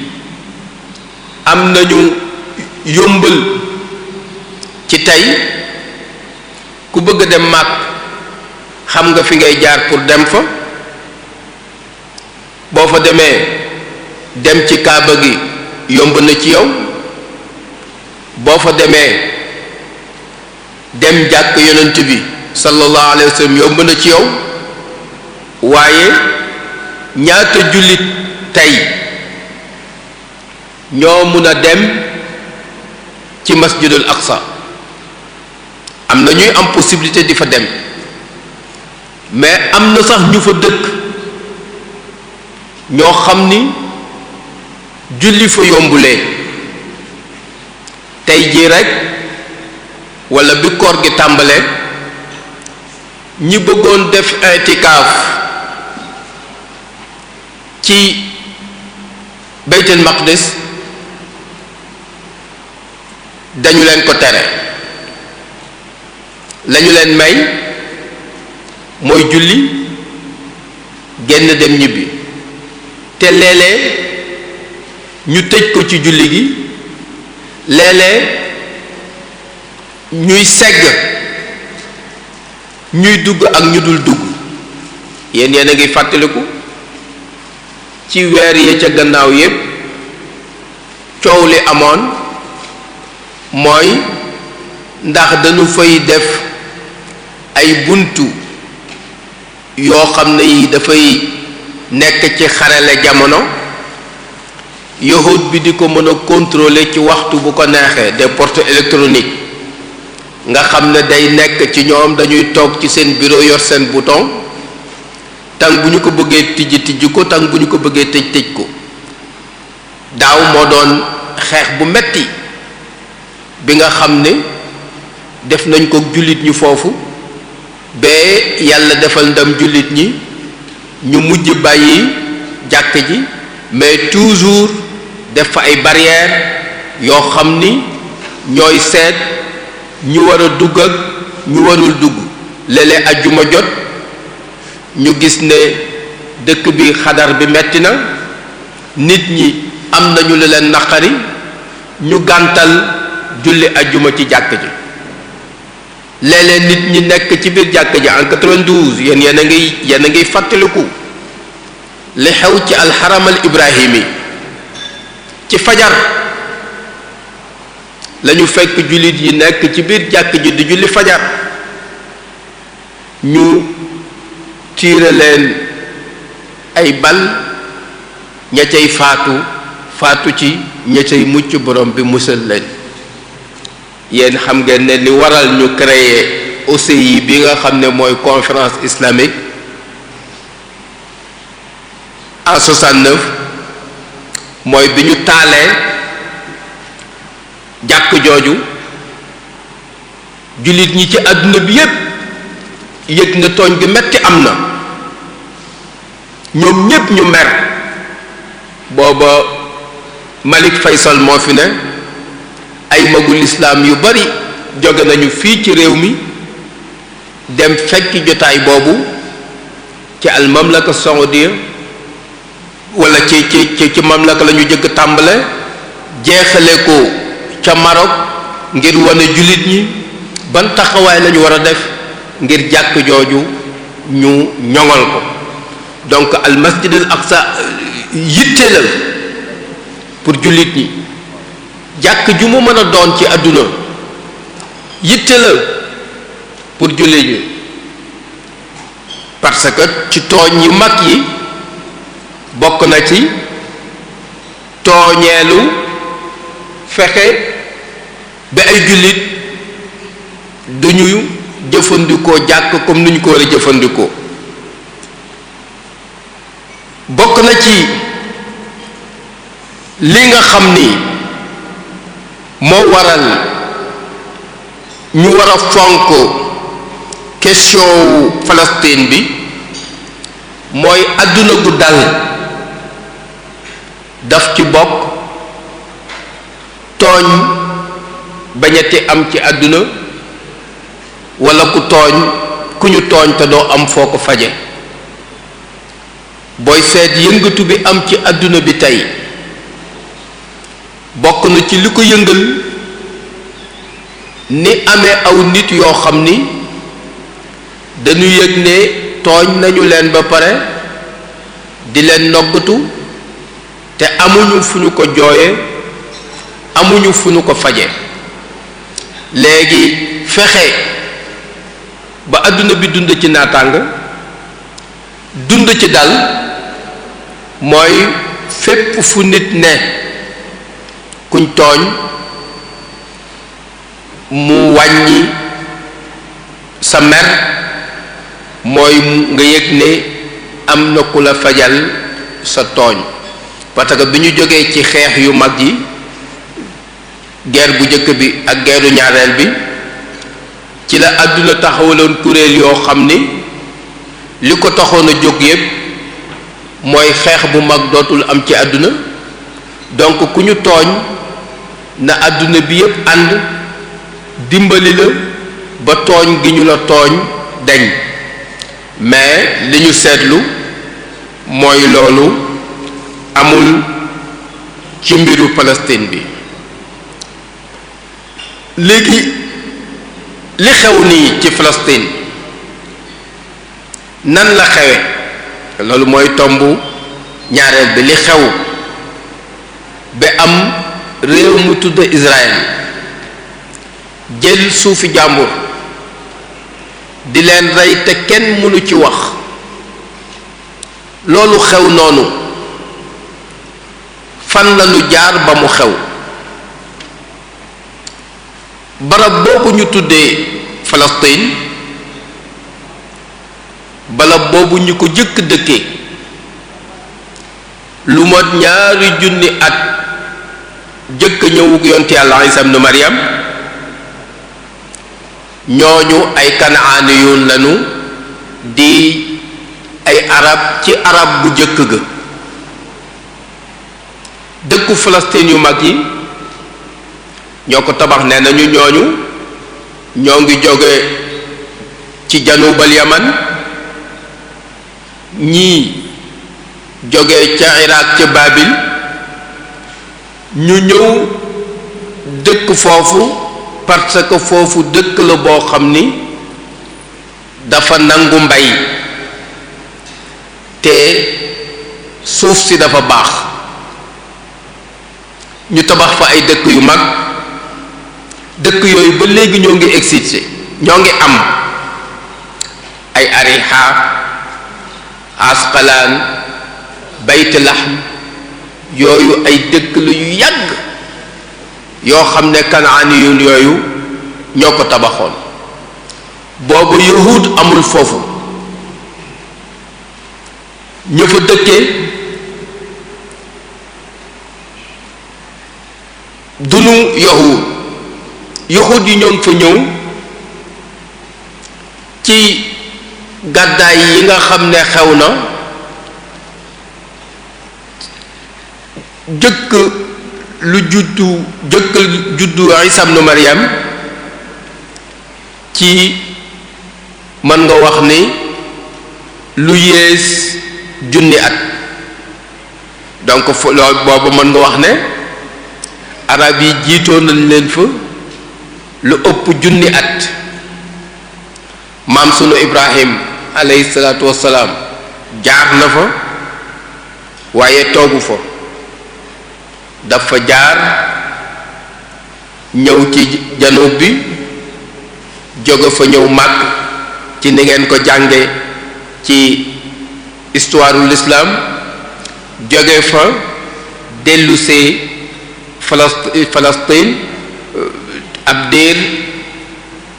am nañu yombal ci tey ku bëgg a dem màkk xam nga fi ngay jaar pour dem fa boo fa demee dem ci kaaba gi yomb na ci yow boo fa demee dem jàkk yonent bi sallallahu alayhi wa sallam yomb na ci yow waaye ñaata jullit tey ñoo mun a dem ci masjidul aqsa am na ñuy am possibilité di fa dem mais am na sax ñu fa dëkk ñoo xam ni julli fa yombulee tey jii rekk wala bi koor gi tàmbalee ñi bëggoon def intikaaf ci baytul maqdis dañu leen ko tere lañu leen may mooy julli génn dem ñibbi te léeg ñu tëj ko ci julli gi léeg ñuy segg ñuy dugg ak ñu dul dugg yéen yéen a ngi fàttaliku ci weer yi ca gannaaw yépp coow li amoon mooy ndax dañu fay def ay buntu yoo xam ne yi dafay nekk ci xarale jamono yahut bi di ko mën a contrôler ci waxtu bu ko neexee des portes électroniques nga xam ne day nekk ci ñoom dañuy toog ci seen bureau yor seen bouton tàng bu ñu ko bëggee tijji tijji ko tàng bu ñu ko bëggee tëj tëj ko daaw moo doon xeex bu metti bi nga xam ne def nañ ko jullit ñi foofu ba yàlla defal ndam jullit ñi ñu mujj bàyyi jàkk ji mais toujours def fa ay barrières yoo xam ni ñooy seet ñu war a dugg ak ñu warul dugg léeg-léeg ajjuma jot ñu gis ne dëkk bi xadar bi metti na nit ñi am nañu lu leen naqari ñu gàntal julli ajjuma ci jàkk ji léeg nit ñi nekk ci biir jàkk ji en 92 yéen yéen a ngi yéen a ngi fàttaliku li xew ci alxaramal ibrahimi ci fajar lañu fekk jullit yi nekk ci biir jàkk ji di julli fajar ñu tiire ay bal ña cay faatu faatu ci ñett cay mucc borom bi musal leen yéen xam ngeen ne li waral ñu créer OCI bi nga xam ne mooy conférence islamique en mooy bi ñu taalee jàkk jooju jullit ñi ci àdduna bi yépp yëg na tooñ gi metti am na ñoom ñépp ñu mer booba Malik Faysal moo fi ne ay magul islaam yu bari joge nañu fii ci réew mi dem fekki jotaay boobu ci al mamlaka saoudia wala ci ci ci mamlaka la ñu jëkk tàmbale jeexale ko ca Maroc ngir wane jullit yi ban taxawaay lañu war a def ngir jàkk jooju ñu ñoŋal ko donc al masjid al aqsa pour jullit yi jàkk ju mu mën a doon ci àdduna yitte pour jullit ñi parce que ci tooñ yi mag yi bokk na ci tooñeelu fexe ba ay jullit duñu jëfandikoo jàkk comme ni ñu ko war a jëfandikoo bokk na ci li nga xam ni moo waral ñu war a fonk question wu bi mooy àdduna bu dal daf ci bokk tooñ bañati am ci àdduna wala ku tooñ ku ñu tooñ te doo am foo ko faje booy seet yëngatu bi am ci àdduna bi tey bokk na ci li ko yëngal ni amee aw nit yoo xam ni dañu yëg ne tooñ nañu leen ba pare di leen noggatu te amuñu fu ñu ko jooye amuñu fu ñu ko faje léegi fexe ba àdduna bi dund ci naataang dund ci dal mooy fépp fu nit ne kuñ tooñ mu wàññi sa mer mooy nga yëg ne am na ku la fajal sa tooñ parce que bi ñu jógee ci xeex yu mag yi guerre bu njëkk bi ak geeru ñaareel bi ci la àdduna taxawaloon kuréel yoo xam ni li ko taxoon a jóg yépp mooy xeex bu mag dootul am ci àdduna donc ku ñu tooñ na àdduna bi yépp ànd dimbali la ba tooñ gi ñu la tooñ dañ mais li ñu seetlu mooy loolu amul ci mbiru Palestine bi léegi li xew nii ci Palestine nan la xewe loolu mooy tomb ñaareel bi li xew ba am réew mu tudd Israël jël suufi jàmbur di leen rey te kenn mënu ci wax loolu xew noonu fan lañu jaar ba mu xew barab boobu ñu tuddee Palestine barab boobu ñu ko jëkk dëkke lu mot ñaari junni at jëkk ñëwuk yonte yàlla Isa ibn Maryam ñooñu ay kanaaniyun lañu di ay arab ci arab bu jëkk ga dëkku Palestine yu mag yi ñoo ko tabax nee nañu ñooñu ñoo ngi jóge ci janubal yaman ñii jóge ca iraq ca babil ñu ñëw dëkk foofu parce foofu dëkk la boo xam ni dafa nangu mbay te suuf si dafa baax ñu tabax fa ay dëkk yu mag dëkk yooyu ba léegi ñoo ngi existé ñoo ngi am ay ariha asqalaan bayt lahm yooyu ay dëkk la yàgg yoo xam ne kanaaniyun yooyu ñoo ko tabaxoon boobu yahud amul foofu ñu fa dëkkee dunu yahud yahud yi ñoom fa ñëw ci gàddaay yi nga xam ne xew na jëkk lu juddu jëkk juddu Isa ibnu Maryam ci mën nga wax ni lu yées junni at donc fo loolu boobu mën nga wax ne arab yi jiitoon nañ leen fa lu ëpp junni at maam sunu ibrahim alayhi salaatu wassalaam jaar na fa waaye toogu fa dafa jaar ñëw ci janub bi jóge fa ñëw màgg ci ni ngeen ko jànge ci histoire lislaam l'islam jóge fa dellusee Falastin ab déer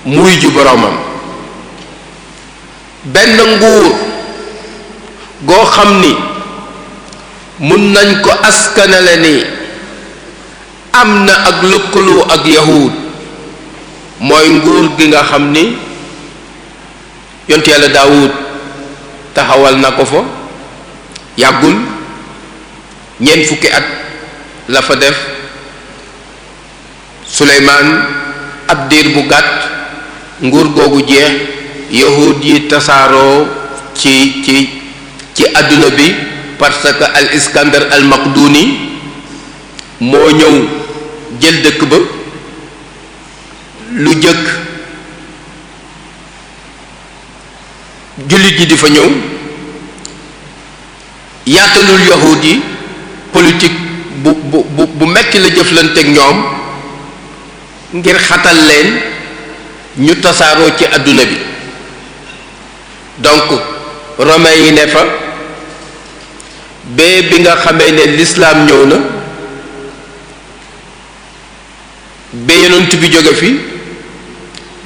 muy ju boroomam benn nguur goo xam ni mun nañ ko askanale ni am na ak lëkkaloo ak yahud mooy nguur gi nga xam ni yontu yàlla daawud taxawal na ko fa yàggul ñeent fukki at la fa def suleymaan ab diir bu gàtt nguur googu jeex yahud yi tasaaroo ci ci ci àdduna bi parce que al iskandar al maqduni moo ñëw jël dëkk ba lu jëkk jullit yi di fa ñëw yaatalul yahud yi politique bu bu bu metti la jëflanteek ñoom ngir xatal leen ñu tasaaroo ci àdduna bi donc romain yi ne fa bee bi nga xamee ne lislaam ñëw na bee yonent bi jóge fi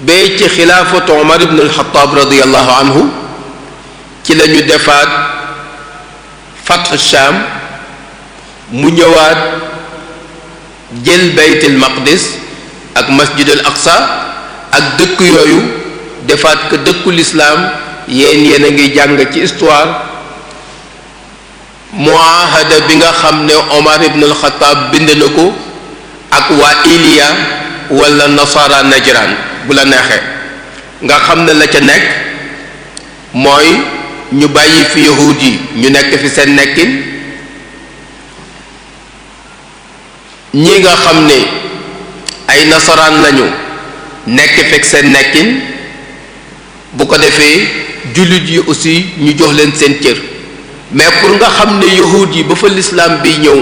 bee ci xilaafatu Omar ibn al-Khattab anhu ci la ñu defaat fath Sham mu ñëwaat jël baytil maqdis ak masjidul aqsa ak dëkk yooyu defaat ko dëkku lislaam yéen yéen a ngi jàng ci histoire muahada bi nga xam ne omar ibn alxataab bind na ko ak waa iliya wala nasara najran bu la neexee nga xam ne la ca nekk mooy ñu bàyyi fi yahuud yi ñu nekk fi seen nekkin ñi nga xam ne ay nasaraan lañu nekk fekk seen nekkin bu ko defee jullit yi aussi ñu jox leen seen cër mais pour nga xam ne yahud yi ba fa lislaam bi ñëw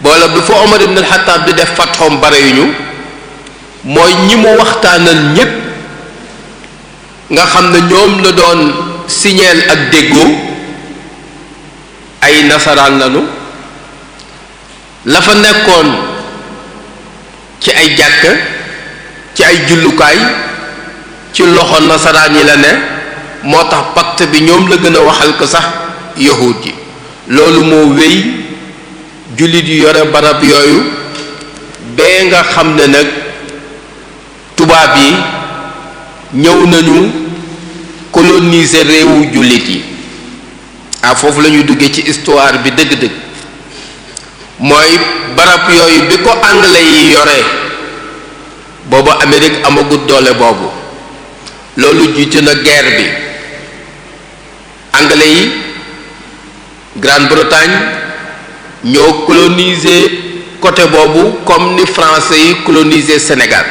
boole bi fa Omar ibn al-Khattab di def fatxoom bare yu ñu mooy ñi mu waxtaanal ñépp nga xam ne ñoom la doon signeel ak déggoo ay nasaraan lañu la fa nekkoon ci ay jàkka ci ay jullukaay ci loxo nasaraan yi la ne moo tax pacte bi ñoom la gën a waxal ko sax yahud yi loolu moo wéy jullit yu yore barab yooyu bee nga xam ne nag tubaab yi ñëw nañu coloniser réewu jullit yi ah foofu lañuy ñuy duggee ci histoire bi dëgg-dëgg mooy barab yooyu bi ko anglais yi yoree boobu Amérique amagut doole boobu loolu jiitu na guerre bi anglais yi Grande-Bretagne ñoo coloniser côté boobu comme ni français yi coloniser Sénégal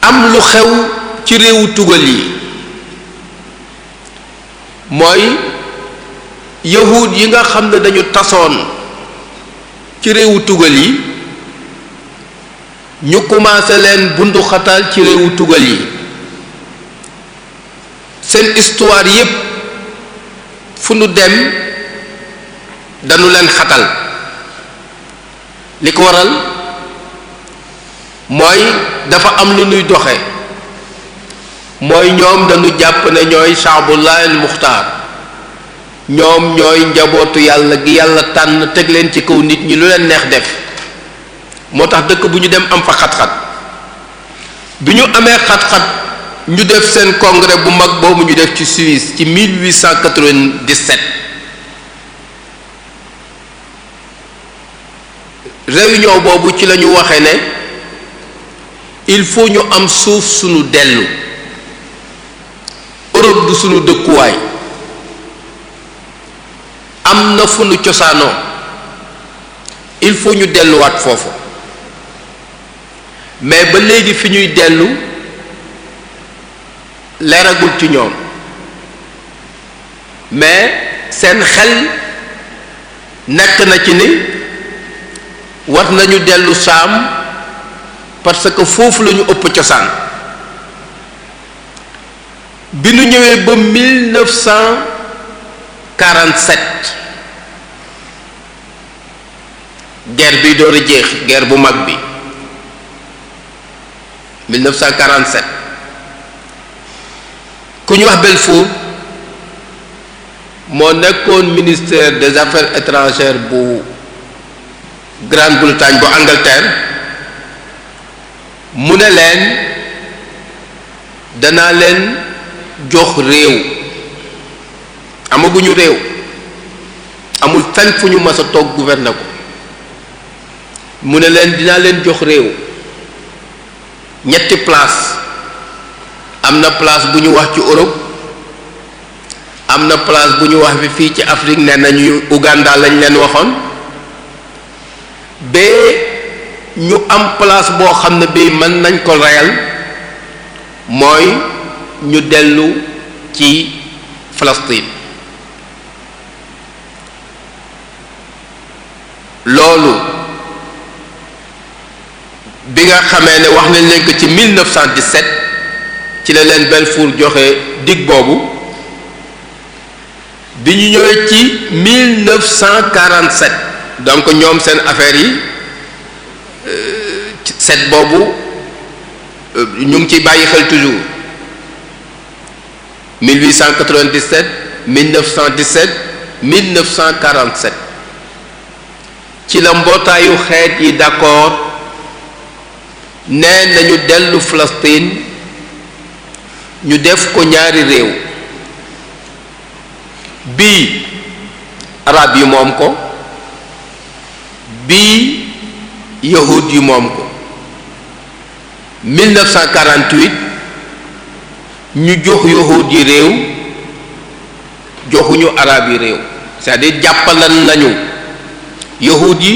am lu xew ci réewu tugal yi mooy yahud yi nga xam ne dañu tasoon ci réewu tugal yi ñu commencé leen bunduxatal ci réewu tugal yi seen histoire yépp fu nu dem dañu leen xatal li ko waral mooy dafa am lu nuy doxe mooy ñoom dañu jàpp ne ñooy saabu al muxtaar ñoom ñooy njabootu yàlla gi yàlla tànn teg leen ci kaw nit ñi lu leen neex def moo tax dëkk bu ñu dem am fa xat-xat bi ñu amee xat-xat ñu def seen congrès bu mag boobu ñu def ci Suisse ci 1897 réunion boobu ci la ñu waxee ne il faut ñu am suuf sunu dellu Europe du sunu dëkkuwaay. am na fu nu cosaanoo il faut ñu delluwaat foofu mais ba léegi fi ñuy dellu leeragul ci ñoom mais seen xel nekk na ci ni war nañu dellu saam parce que foofu lañu ëpp cosaan bi nu ñëwee ba 1900 47 guerre bi door jeex guerre bu mag bi 1947 ku ñu wax moo nekkoon ministère des affaires étrangères bu Grande-Bretagne bu Angleterre mu ne leen danaa leen jox réew amaguñu réew amul fenn fu ñu mas a toog gouverner ko mu ne leen dinaa leen jox réew ñetti place am na place bu ñu wax ci Europe am na place bu ñu wax fi fii ci Afrique ne nañu Uganda lañ leen waxoon ba ñu am place boo xam ne bii mën nañ ko reyal mooy ñu dellu ci Palestine loolu bi nga xamee ne wax nañ leen ko ci 1917 ci la leen benn Balfour joxe dig boobu bi ñu ñëwee ci 1947 donc ñoom seen affaire yi euh, set boobu euh, ñu ngi ciy bàyyi xel toujours 1897 1917 1947. ci la mbootaayu xeet yi d'accord ne nañu dellu Palestine ñu def ko ñaari réew bii arab yi moom ko bii yahud yi moom ko ñu jox yahud yi réew joxuñu arab yi réew c'est-à-dire jàppalan nañu yahud yi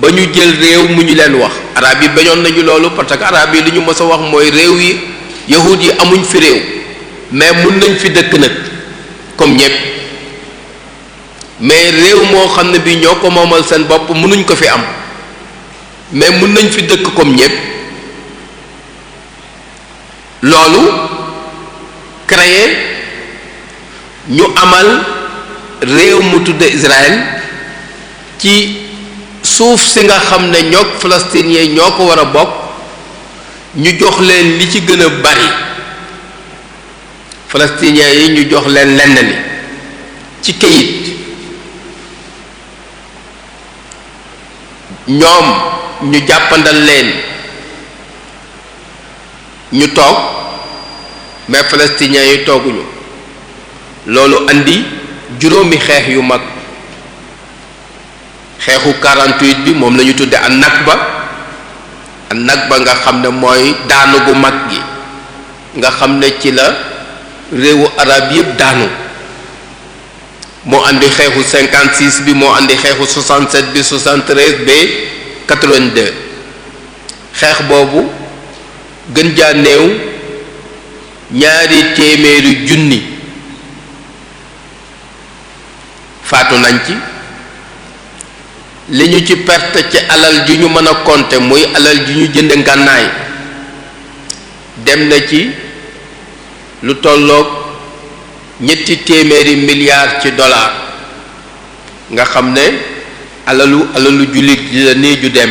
ba ñu jël réew mu ñu leen wax arab yi bañoon nañu loolu parce que arab yi li ñu mës a wax mooy réew yi yahud yi amuñ fi réew mais mun nañ fi dëkk nag comme ñépp mais réew moo xam ne bi ñoo ko moomal seen bopp mënuñ ko fi am mais mun nañ fi dëkk comme ñépp loolu créer ñu amal réew mu tudde Israël ci suuf si nga xam ne ñoog palestiniens ñoo ko war a bokk ñu jox leen li ci gën a bari palestiniens yi ñu jox leen lenn li ci kayit ñoom ñu jàppandal leen ñu toog mais palestiniens yi tooguñu loolu indi juróomi xeex yu mag xeexu 48 bi moom la ñu tudde an ba an ba nga xam ne mooy daanu bu mag gi nga xam ne ci la réewu arab yëpp daanu moo andi xeexu 56 bi moo andi xeexu 67 bi 73 ba 82 xeex boobu gën jaa ñaari téeméeri junni faatu nañ ci li ñu ci perte ci alal ju ñu mën a compter muy alal ju ñu jënd ngànnaay dem na ci lu tollook ñetti téeméeri milliards ci dollar nga xam ne alalu alalu jullit la nii ju dem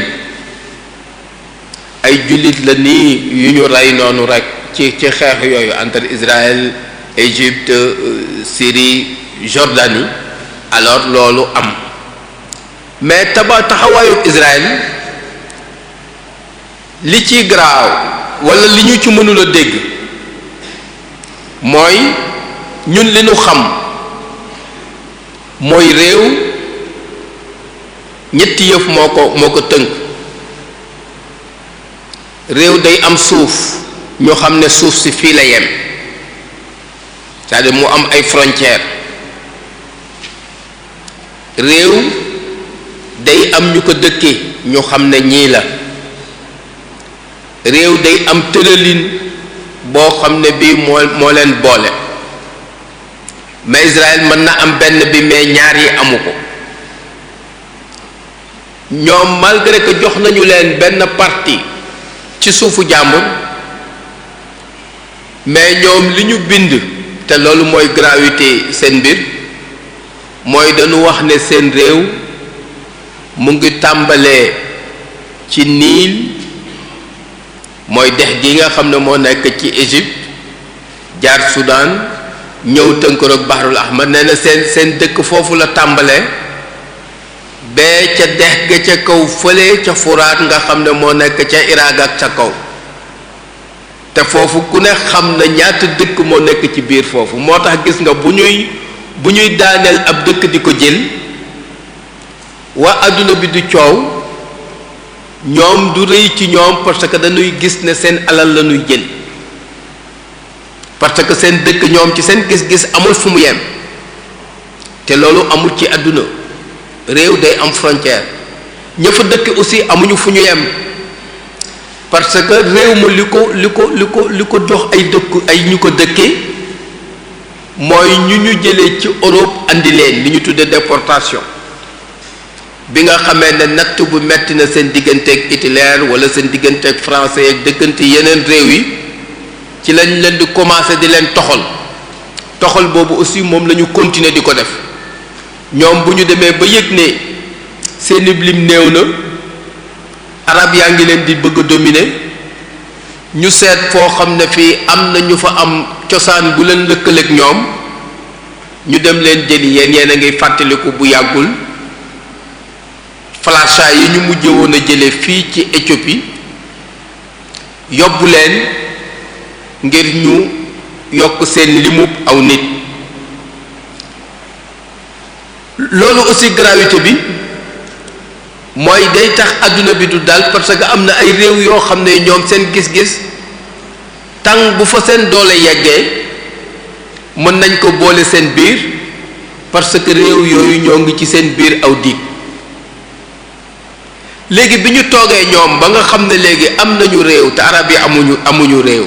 ay jullit la nii yu ñu rey noonu rek ci ci xeex yooyu entre Israël Égypte euh, siri Jordanie alors loolu am mais taba taxawaayu Israël li ci garaaw walla li ñu ci mënula dégg mooy ñun li ñu xam mooy réew ñetti yëf moo ko moo ko tënk réew day am suuf ñoo xam ne suuf si fii la yem cest à mu am ay frontières réew day am ñu ko dëkkee ñu xam ne ñii la réew day am tëralin boo xam ne bii moo moo leen boole mais Israël mën na am benn bi mais ñaar yi amu ko ñoom malgré que jox nañu leen benn parti ci suufu jàmbur mais ñoom li ñu bind te loolu mooy gravité seen mbir mooy dañu wax ne seen réew mu ngi tàmbalee ci niin mooy dex gi nga xam ne moo nekk ci Égypte jaar Soudan ñëw tënkaroog Bahrul Ahmar nee na seen seen dëkk foofu la tàmbalee bee ca dex ga ca kaw fële ca Furaat nga xam ne moo nekk ca Irak ak ca kaw te foofu ku ne xam na ñaata dëkk moo nekk ci biir foofu moo tax gis nga bu ñuy bu ñuy daaneel ab dëkk di ko jël waa àdduna bi du coow ñoom du rëy ci ñoom parce que dañuy gis ne seen alal la ñuy jël parce que seen dëkk ñoom ci seen gis-gis amul fu mu yem te loolu amul ci àdduna réew day am frontière ña fa dëkk aussi amuñu fu ñu yem parce que réew ma li ko li ko li ko li ko dox ay dëkk ay ñu ko dëkkee mooy ñu ñu jëlee ci orop indi leen li ñu tuddee déportation bi nga xamee ne natt bu metti na seen digganteeg Hitler wala seen digganteeg français ak dëkkante yeneen réew yi ci lañ leen di commencer di leen toxal toxal boobu aussi moom lañu ñu di ko def ñoom bu ñu demee ba yëg ne seen lim néew na arab yaa ngi leen di bëgg a ñu seet foo xam ne fii am na ñu fa am cosaan bu leen lëkkaleeg ñoom ñu dem leen jëli yéen yéen a ngi fàttaliku bu yàggul. falasha yi ñu mujje woon a jële fii ci Éthiopie yóbbu leen ngir ñu yokk seen limub aw nit loolu aussi gravité bi mooy day tax àdduna bi du dal parce que am na ay réew yoo xam ne ñoom seen gis-gis tàng bu fa seen doole yeggee mën nañ ko boole seen biir parce que réew yooyu ñoo ngi ci seen biir aw dikk léegi bi ñu toogee ñoom ba nga xam ne léegi am nañu réew te arab yi amuñu amuñu réew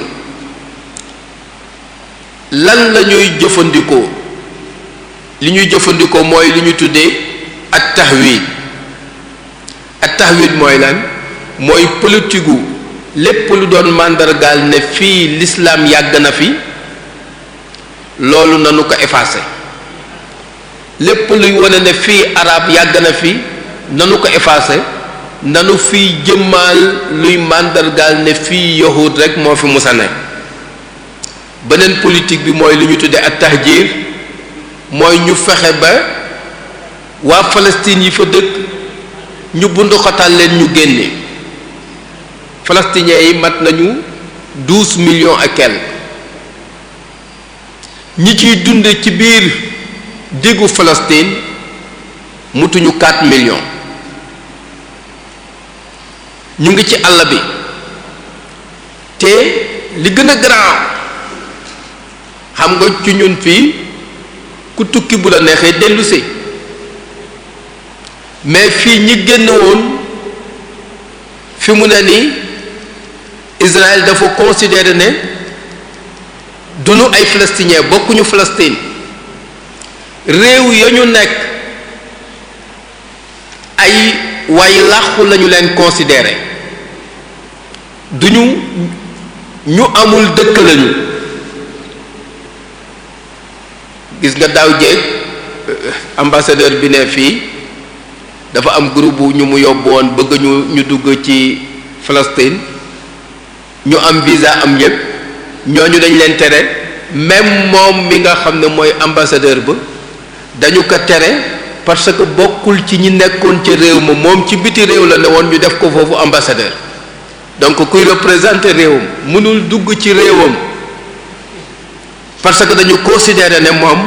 lan lañuy jëfandikoo li ñuy jëfandikoo mooy li ñu tuddee at tahwid at tahwid mooy lan mooy politique lépp lu doon màndargaal ne fii lislaam yàgg na fi loolu nanu ko effacé lépp luy wane ne fii arab yàgg na fi nanu ko effacé nanu fiy jëmmaal luy màndargaal ne fii yahud rek moo fi musa beneen politik bi mooy li ñu tuddee ak tahjir mooy ñu fexe ba waa Palestine yi fa dëkk ñu bunduxatal leen ñu génne palestiniens yi mat nañu douze millions ak kenn ñi ciy dund ci biir diggu Palestine mutuñu quatre millions ñu ngi ci àll bi te li gën a garaaw xam nga cu ñun fii ku tukki bu la neexee dellusi mais fii ñi génn fi mu ne nii Israël dafa considérer ne duñu ay palestiniens bokkuñu Palestine réew ya ñu nekk ay way làqu lañu leen considere du ñu ñu amul dëkk lañu gis nga daaw jeeg euh, ambassadeur bi ne fii dafa am groupe bu ñu mu yóbbu woon bëgg ñu ñu dugg ci Palestine ñu am visa am yépp ñooñu dañ leen tere même moom mi nga xam ne mooy ambassadeur ba dañu ko tere parce que bokkul ci ñi nekkoon ca réew ma moom ci biti réew la ne woon ñu def ko foofu ambassadeur donc kuy représenter réewam mënul dugg ci réewam parce que dañu considérer ne moom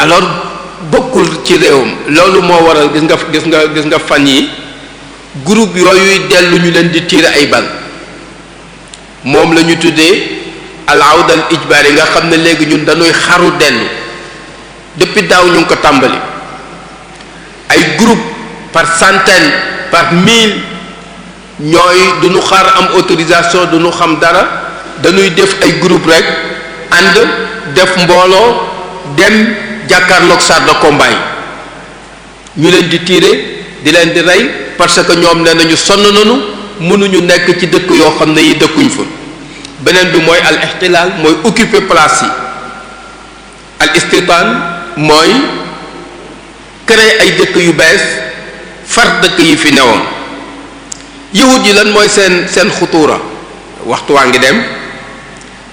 alors bokkul ci réewam loolu moo waral gis nga gis nga gis nga fan yi groupe yooyu dellu ñu leen di tiir ay bal moom la ñu tuddee al awdal ijbaar yi nga xam ne léegi ñun dañuy xaru dellu depuis daaw ñu ngi ko tàmbali ay groupe par centaine par mille ñooy du ñu xaar am autorisation du ñu xam dara dañuy def ay groupe rekk ànd def mbooloo dem jàkkaarloog char de combat ñu leen di tiire di leen di rey parce que ñoom nee nañu sonn nañu mënuñu nekk ci dëkk yoo xam ne yi dëkkuñ fa beneen bi mooy al ixtilaal mooy occuper place yi al istitaan mooy créer ay dëkk yu bees far dëkk yi fi newoon yahud yi lan mooy seen seen xutuura waxtu waa ngi dem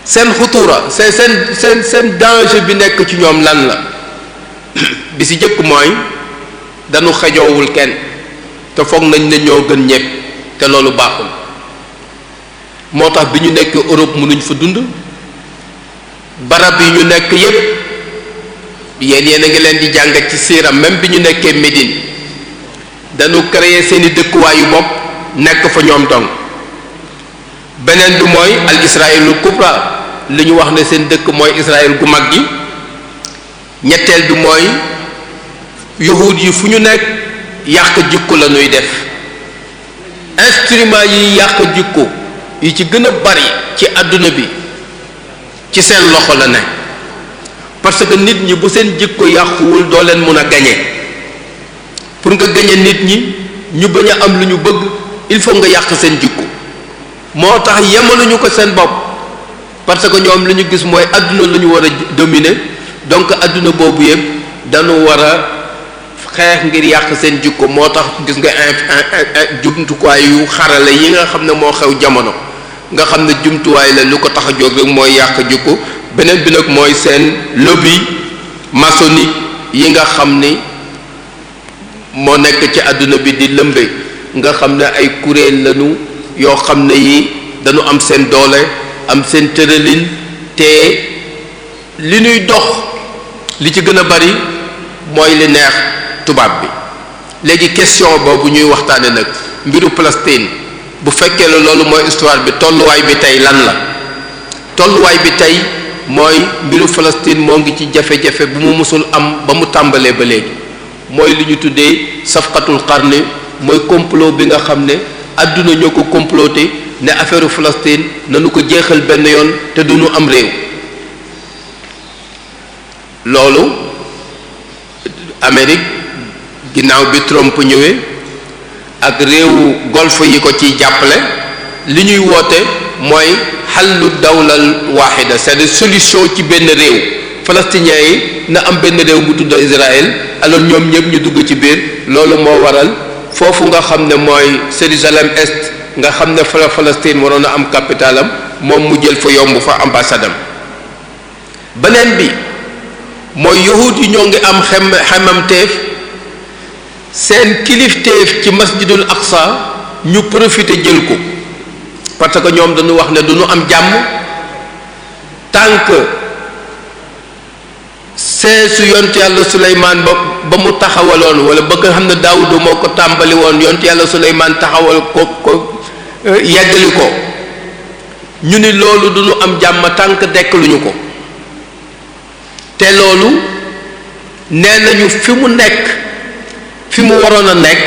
seen xutuura seen seen seen danger bi nekk ci ñoom lan la [CLEARS THROAT] bi si jëkk mooy dañu xajoowul kenn te foog nañ ne ñoo gën ñépp te loolu baaxul moo tax bi ñu nekk Europe mënuñ fa dund barab yi ñu nekk yépp yéen yéen a ngi leen di jàngat ci siiram même bi ñu nekkee Médine danu créer seeni dëkkuwaayu bopp nekk fa ñoom dong beneen bi mooy al israilul kubra li ñu wax ne seen dëkk mooy israil gu mag gi ñetteel bi mooy yahud yi fu ñu nekk yàq jikko la ñuy def instrument yi yàq jikko yi ci gën a bari ci àdduna bi ci seen loxo la ne parce que nit ñi bu seen jikko yàquwul doo leen mën a gañe pour nga gañe nit ñi ñu bañ a am lu ñu bëgg il faut nga yàq seen jikko moo tax yemaluñu ko seen bopp parce que ñoom lu ñu gis mooy àdduna la ñu war a dominer donc adduna boobu yëpp dañu war a xeex ngir yàq seen jikko moo tax gis nga in jumtuwaay yu xarale yi nga xam ne moo xew jamono nga xam ne jumtuwaay la lu ko tax a jóg mooy yàq jikko beneen bi nag mooy seen lobby maçonnique yi nga xam ni moo nekk ci àdduna bi di lëmbe nga xam ne ay kuréel lañu yoo xam ne yi dañu am seen doole am seen tëralin te li ñuy dox li ci gën a bari mooy li neex tubaab bi léegi question boobu ñuy waxtaane nag mbiru Palestine bu fekkee la loolu mooy histoire bi tolluwaay bi tey lan la tolluwaay bi tey mooy mbiru Palestine moo ngi ci jafe-jafe bu mu mësul am ba mu tàmbalee ba léegi mooy li ñu tuddee safqatul qarni mooy complot bi nga xam ne àdduna ñoo ko comploté ne affaire Palestine nañu ko jeexal benn yoon te du duñu am réew loolu Amérique ginnaaw bi tromp ñëwee ak réewu golfe yi ko ci jàppale li ñuy woote mooy xal lu dawlal waaxida c'est-à-dire solution ci benn réew palestiniens yi na am benn réew bu tudd Israël alors ñoom ñëpp ñu dugg ci biir loolu moo waral foofu nga xam ne mooy Jérusalem est nga xam ne fala Palestine waroon a am capital am moom mu jël fa yomb fa ambassade beneen bi mooy yahud yi ñoo ngi am xem xemamteef seen kilifteef ci masjidul aksa ñu profité jël ko parce que ñoom dañu wax ne du ñu am jàmm tànk seesu yont yàlla suleymaan ba ba mu taxawaloon wala ba xam ne daawudu moo ko tàmbali woon yont yàlla suleymaan taxawal ko ko eh, yeggali ko ñu ni loolu du ñu am jàmm tànk dekk ko te loolu nee nañu fi mu nekk fi mu waroon a nekk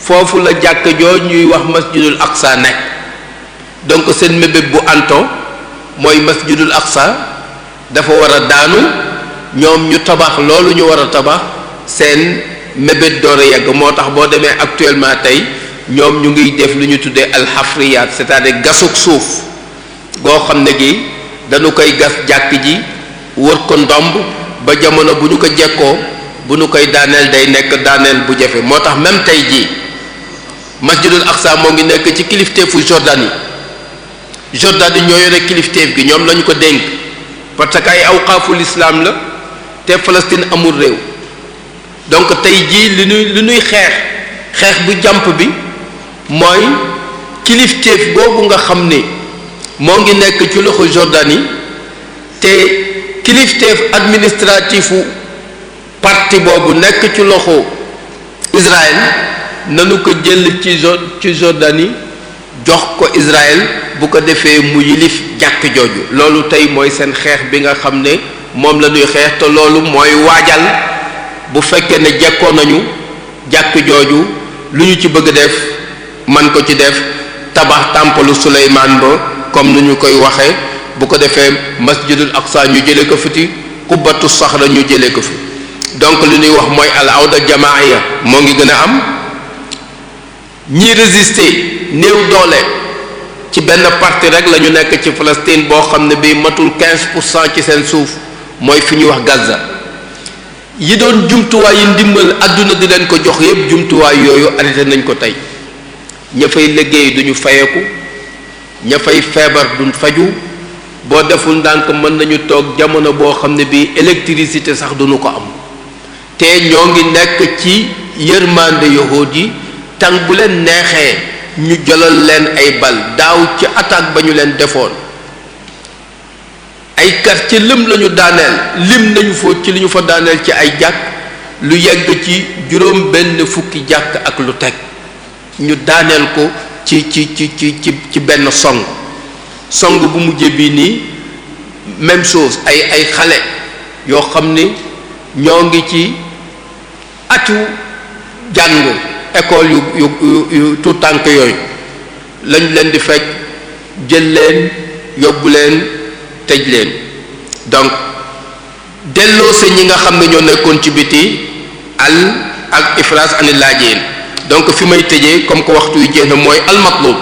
foofu la jàkk joo ñuy wax masjidul aqsa nekk donc seen mébét bu anto mooy masjidul aqsa dafa war a daanu ñoom ñu tabax loolu ñu war a tabax seen mébét door a yegg moo tax boo demee actuellement tey ñoom ñu ngi def lu ñu tuddee alxafriyaat c'est-à-dire suuf goo xam ne gi dañu koy gas jàkk ji wër ko ndomb ba jamono bu ñu ko jekkoo bu ñu koy daaneel day nekk daaneel bu jafe moo tax même tey jii masjidul aqsa moo ngi nekk ci kilifteefu Jordanie Jordanie ñoo yore kilifteef gi ñoom lañu ko dénk parce que ay awqaaful islam la te Palestine amul réew donc tey jii li nuy xeex xeex bu jàmp bi mooy kilifteef boobu nga xam ni moo ngi nekk ci loxo jordani te kilifteef administratif u parti boobu nekk ci loxo Israël nanu ko jël ci ci Jordanie jox ko israel bu ko defee mu yilif jàkk jooju loolu tey mooy seen xeex bi nga xam ne moom la ñuy xeex te loolu mooy waajal bu fekkee ne jekkoo nañu jàkk jooju lu ñu ci bëgg def man ko ci def tabax tàmpalu Suleymaan ba comme nu ñu koy waxee bu ko defee masjidul aqsa ñu jëlee ko fi ti kubbatu saxra ñu jëlee ko fi donc li ñuy wax mooy al awda ya moo ngi gën a am ñi résister néew doole ci benn parti rek la ñu nekk ci Palestine boo xam ne bii matul 15 pour cent ci seen suuf mooy fi ñuy wax Gaza yi doon jumtuwaay yi ndimbal àdduna di leen ko jox yépp jumtuwaay yooyu arrêté nañ ko tey ña fay liggéey duñu fayeeku ña fay feebar duñ faju boo deful ndànk mën nañu toog jamono boo xam ne bii électricité sax duñu ko am te ñoo ngi nekk ci yërmande yahood yi tàng bu leen neexee ñu jëlal leen ay bal daaw ci attaque ba ñu leen defoon ay quartier lim lañu daaneel lim nañu fa ci li ñu fa daaneel ci ay jàkk lu yegg ci juróom benn fukki jàkk ak lu teg ñu daaneel ko ci ci ci ci ci benn song song bu mujjee bii nii même chose ay ay xale yoo xam ni ñoo ngi ci atu jàng école yu yu yu tout tànk yooyu lañ leen di fekk jël leen yóbbu leen tëj leen donc delloo sa ñi nga xam ne ñoo nekkoon ci biti al ak ifras ani laajeen donc fi may tëjee comme que waxtu yu jeex na mooy almatlub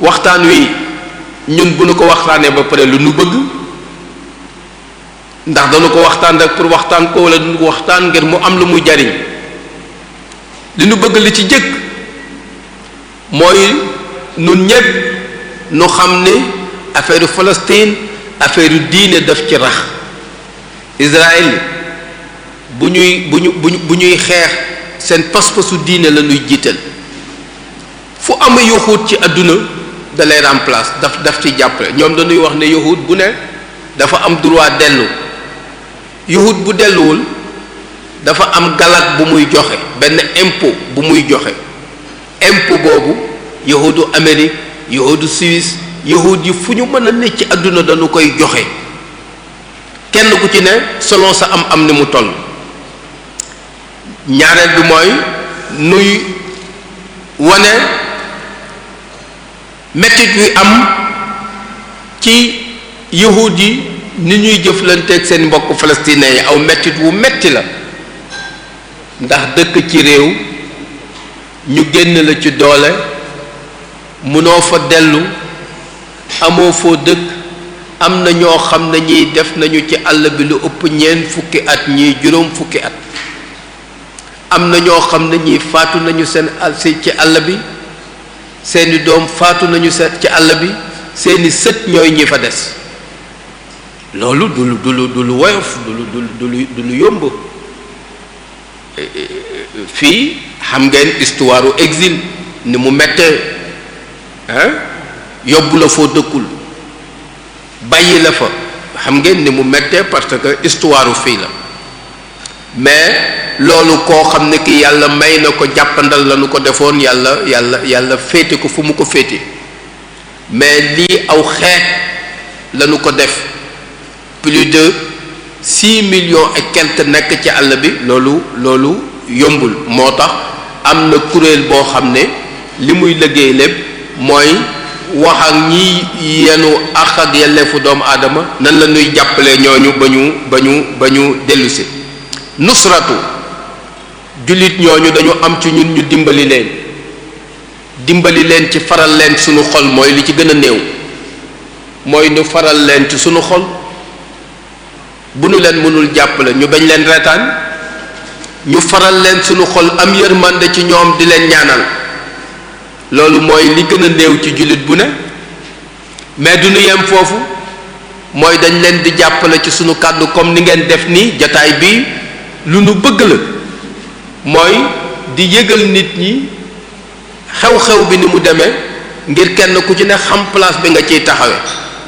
waxtaan wi ñun bu nu ko waxtaanee ba pare lu nu bëgg ndax dañu ko waxtaan rek pour waxtaan ko wala duñu ko waxtaan ngir mu am lu muy jariñ li nu bëgg li ci jëkk mooy nun ñépp nu xam ne affaire Palestine affaire diine daf ci rax Israël bu ñuy bu ñu bu bu ñuy xeex seen pas-pasu diine la ñuy jiital fu am yahud ci àdduna da lay remplace daf daf ci jàppale ñoom dañuy wax ne yahud bu ne dafa am droit dellu yahud bu delluwul dafa am galak bu muy joxe benn impôt bu muy joxe impôt boobu yahudu Amérique yahudu Suisse yahud yi fu ñu mën a ne ci àdduna dañu koy joxe kenn ku ci ne solo sa am am ni mu toll ñaareel bi mooy nuy wane mettit wi am ci yahud yi ni ñuy jëflanteeg seen mbokk palestiniens yi aw mettit wu metti la ndax dëkk ci réew ñu génn la ci doole mënoo fa dellu amoo foo dëkk am na ñoo xam ne ñiy def nañu ci àll bi lu ëpp ñeent fukki at ñii juróom fukki at am na ñoo xam ne ñii faatu nañu seen ci àll bi seeni doom faatu nañu seen ci àll bi seeni sët ñooy ñi fa des loolu du lu du lu du lu woyof du lu du lu du lu yomb eh, eh, fii xam ngeen histoire u exil ni mu mettee yóbbu la foo dëkkul bàyyi la fa xam ngeen ni mu mettee parce que histoire fii la mais loolu koo xam ne ki yàlla may na ko jàppandal la ko defoon yàlla yàlla yàlla féete ko fu mu ko féete mais lii aw xeet la ko def plus de six millions et quelques nekk ci àll bi loolu loolu yombul moo tax am na kuréel boo xam ne li muy liggéey lépp mooy wax ak ñi yenu ak ak yelleefu doomu aadama nan la ñuy jàppale ñooñu ba ñu ba ñu ba ñu dellusi nusratu jullit ñooñu dañu am ci ñun ñu dimbali leen dimbali leen ci faral leen ci sunu xol mooy li ci gën a néew mooy nu faral leen ci sunu xol bu nu leen mënul jàppale ñu bañ leen reetaan ñu faral leen sunu xol am yërmande ci ñoom di leen ñaanal loolu mooy li gën a néew ci jullit bu ne mais du ñu yem foofu mooy dañ leen di jàppale ci sunu kàddu comme ni ngeen def nii jataay bi lu nu bëgg la mooy di yëgal nit ñi xew-xew bi ni mu demee ngir kenn ku ci ne xam bi nga ciy taxawee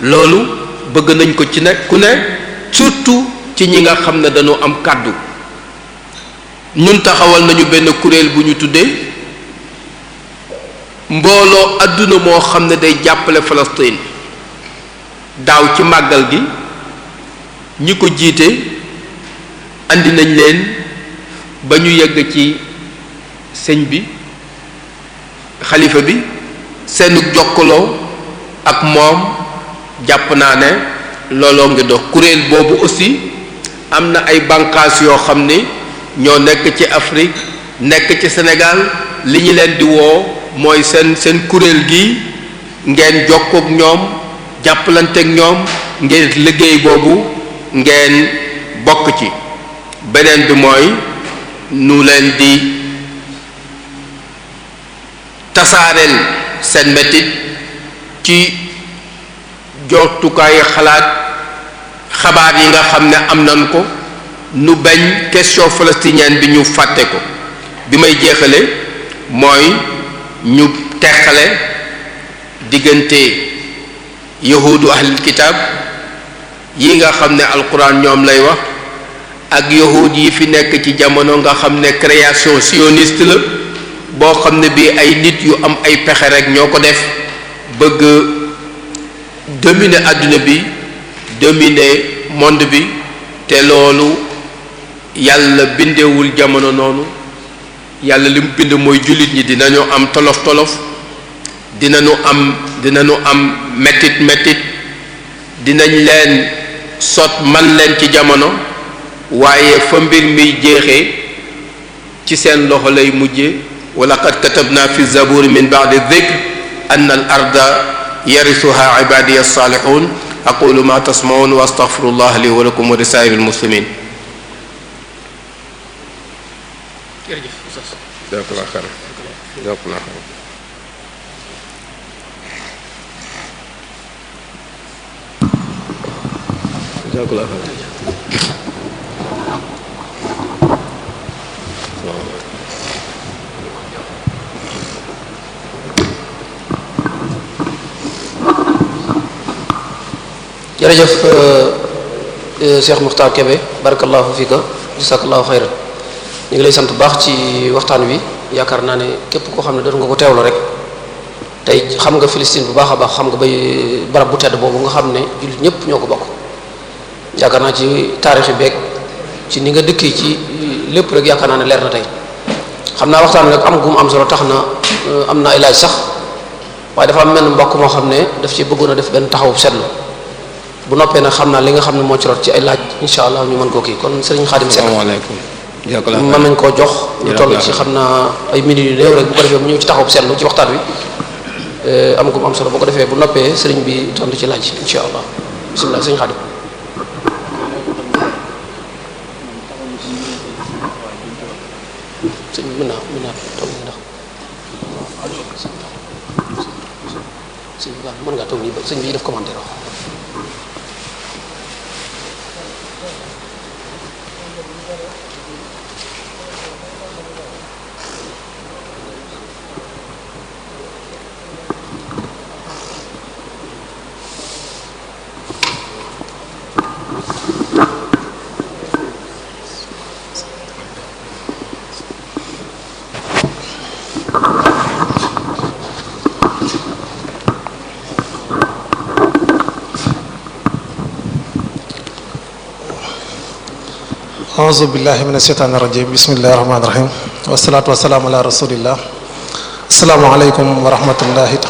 loolu bëgg nañ ko ci ne ku ne surtout ci ñi nga xam ne dañoo am kàddu ñun taxawal nañu benn kuréel bu ñu tuddee mbooloo àdduna moo xam ne day jàppale Palestine daaw ci màggal gi ñi ko jiite andi nañ leen ba ñu yegg ci sëñ bi xalifa bi seenu jokkaloo ak moom jàpp naa ne looloo ngi dox kuréel boobu aussi am na ay banqaas yoo xam ni ñoo nekk ci Afrique nekk ci Sénégal li ñu leen di woo mooy seen seen kuréel gi ngeen jokkook ñoom jàppalanteeg ñoom ngeen liggéey boobu ngeen bokk ci beneen bi mooy nu leen di tasaareel seen métit ci jootukaayu xalaat xabaar yi nga xam ne am nan ko nu bañ question palestinienne bi ñu fàtte ko bi may jéexale mooy ñu teqale diggante yahudu ahlil kitaab yi nga xam ne alquran ñoom lay wax ak yahud yi fi nekk ci jamono nga xam ne création siyonist la boo xam ne bii ay nit yu am ay pexe rek ñoo ko def bëgg dominer àdduna bi dominer monde bi te loolu yàlla bindewul jamono noonu yàlla li mu bind mooy jullit ñi dinañu am tolof tolof dinañu am dinañu am mettit mettit dinañ leen sot man leen ci jamono waaye fa mbir mi jeexee ci seen loxo lay mujje wa laqad katabna fi zaburi min ba'di dhikr anna al arda yarisuha ibadiya salihun aqulu ma tasma'un wa astaghfirullah li wa lakum wa li sa'iril muslimin jazakallah xayr jazakallah xayr jazakallah xayr jërëjëf euh, euh, Cheikh Muxtaar Kebe barakallahu fika jazakallahu xayran ñu ngi lay sant bu baax ci waxtaan wi yaakaar naa ne képp koo xam ne doon nga ko teewlu rek tey xam nga Palestine bu baax a baax xam nga bay barab bu tedd boobu nga xam ne jullit ñëpp ñoo ko bokk yaakaar naa ci taarix beeg ci ni nga dëkkee ci lépp rek yaakaar naa ne leer na tey xam naa waxtaan wi am gum am solo tax na am na ay laaj sax waaye dafa am mel mbokk moo xam ne daf ci bëggoon a def benn taxawu seetlu bu noppee nag xam naa li nga xam ne moo ci rot ci ay laaj incha allah ñu mën koo kii kon sëriñ Xaadim Seck. mën nañ koo jox lu toll ci xam naa ay minutes yu bu ko defee mu ñëw ci taxaw seetlu ci waxtaan wi eh, am ko mu am solo boo ko defee bu noppee sëñ bi mën naa mën naa toog nii ndax sëñ bi mën ngaa sëñ bi def commentaire auzu billahi mina sheytaani rajim bismillahi rahmaani rahim wasalaatu wasalaam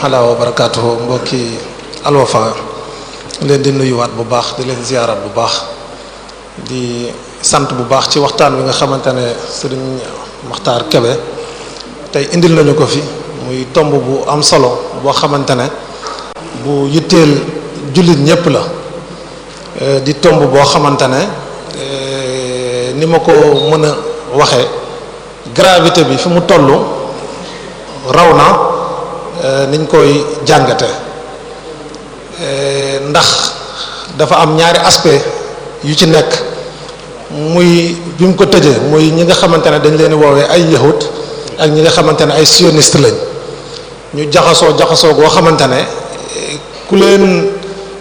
ala mbokki alwafa leen di nuyuwaat bu baax di leen ziyaaraat bu baax di sant bu baax ci waxtaan wi nga xamante ne sëriñ Maxtaar Kebe tey indil nañu ko fi muy tomb bu am solo boo xamante ne bu yitteel jullit ñépp la di tomb boo xamante ne ni ma ko mën a waxe gravité bi fi mu toll raw na euh, niñ koy jàngate euh, ndax dafa am ñaari aspect yu ci nekk muy bi mu ko tëjee muy ñi nga xamante ne dañ leen woowee ay yahut ak ñi nga xamante ne ay sioniste lañ ñu jaxasoo jaxasoo goo xamante ne ku leen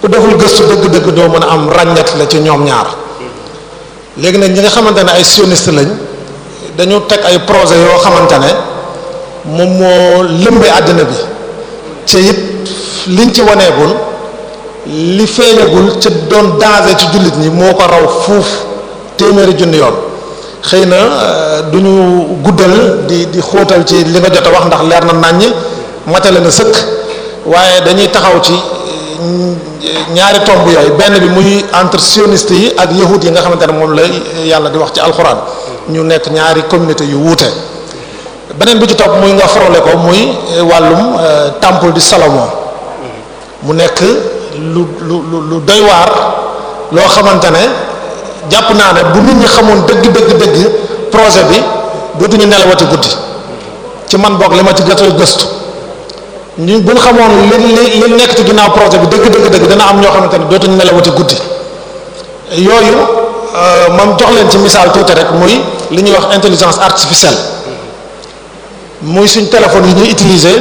ku deful gëstu dëgg-dëgg doo mën a am ràññat la ci ñoom ñaar léegi nag ñi nga xamante ne ay sionist lañ dañu teg ay projet yoo xamante ne moom moo lëmbee àddina bi ci it liñ ci waneegul li feeñagul ci doon danger ci jullit ñi moo ko raw fuuf téeméeri junni yoon xëy na euh, du ñu guddal di di xóotal ci li nga jot a wax ndax leer na nàññ matale na sëkk waaye dañuy taxaw ci euh, ñaari tomb yooyu benn bi muy entre sioniste yi ak yahud yi nga xamante ne moom la yàlla di wax ci alxuraan ñu nekk ñaari communauté yu wuute beneen bi ci topp muy nga forole ko muy eh, wàllum eh, temple di Salomon mu nekk lu lu lu doy waar loo xamante ne jàpp naa ne bu nit ñi xamoon dëgg dëgg dëgg projet bi dootuñu nelawati guddi ci man boog li ci gëstu gëstu. ñu bu ñu xamoon li li li nekk ci ginnaaw projet bi dëgg dëgg dëgg dana am ñoo xamante ne dootuñu nelawati guddi yooyu euh, moom jox leen ci misaal tuuti rek muy li ñuy wax intelligence artificielle muy suñ téléphone yi ñuy utiliser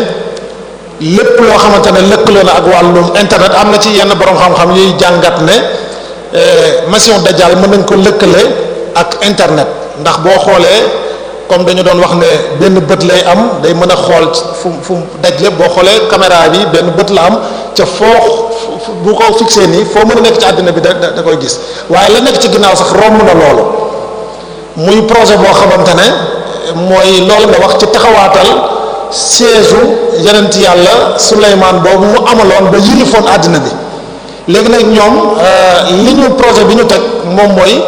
lépp loo xamante ne lëkkaloo na ak wàllum internet am na ci yenn borom xam-xam yuy jàngat ne euh, machine Dajjal mën nañ ko lëkkale ak internet ndax boo xoolee. comme dañu doon wax ne benn bët lay am day mën a xool fu fu daj lépp boo xoolee caméra bi benn bët la am ca foo bu ko fixé nii foo mën a nekk ci àddina bi da da koy gis waaye la nekk ci ginnaaw sax romb na loolu muy projet boo xamante ne mooy loolu nga wax ci taxawaatal siège u yonent yàlla Suleymaan boobu mu amaloon ba yilifoon àddina bi léegi nag ñoom euh, li ñu projet bi ñu teg moom mooy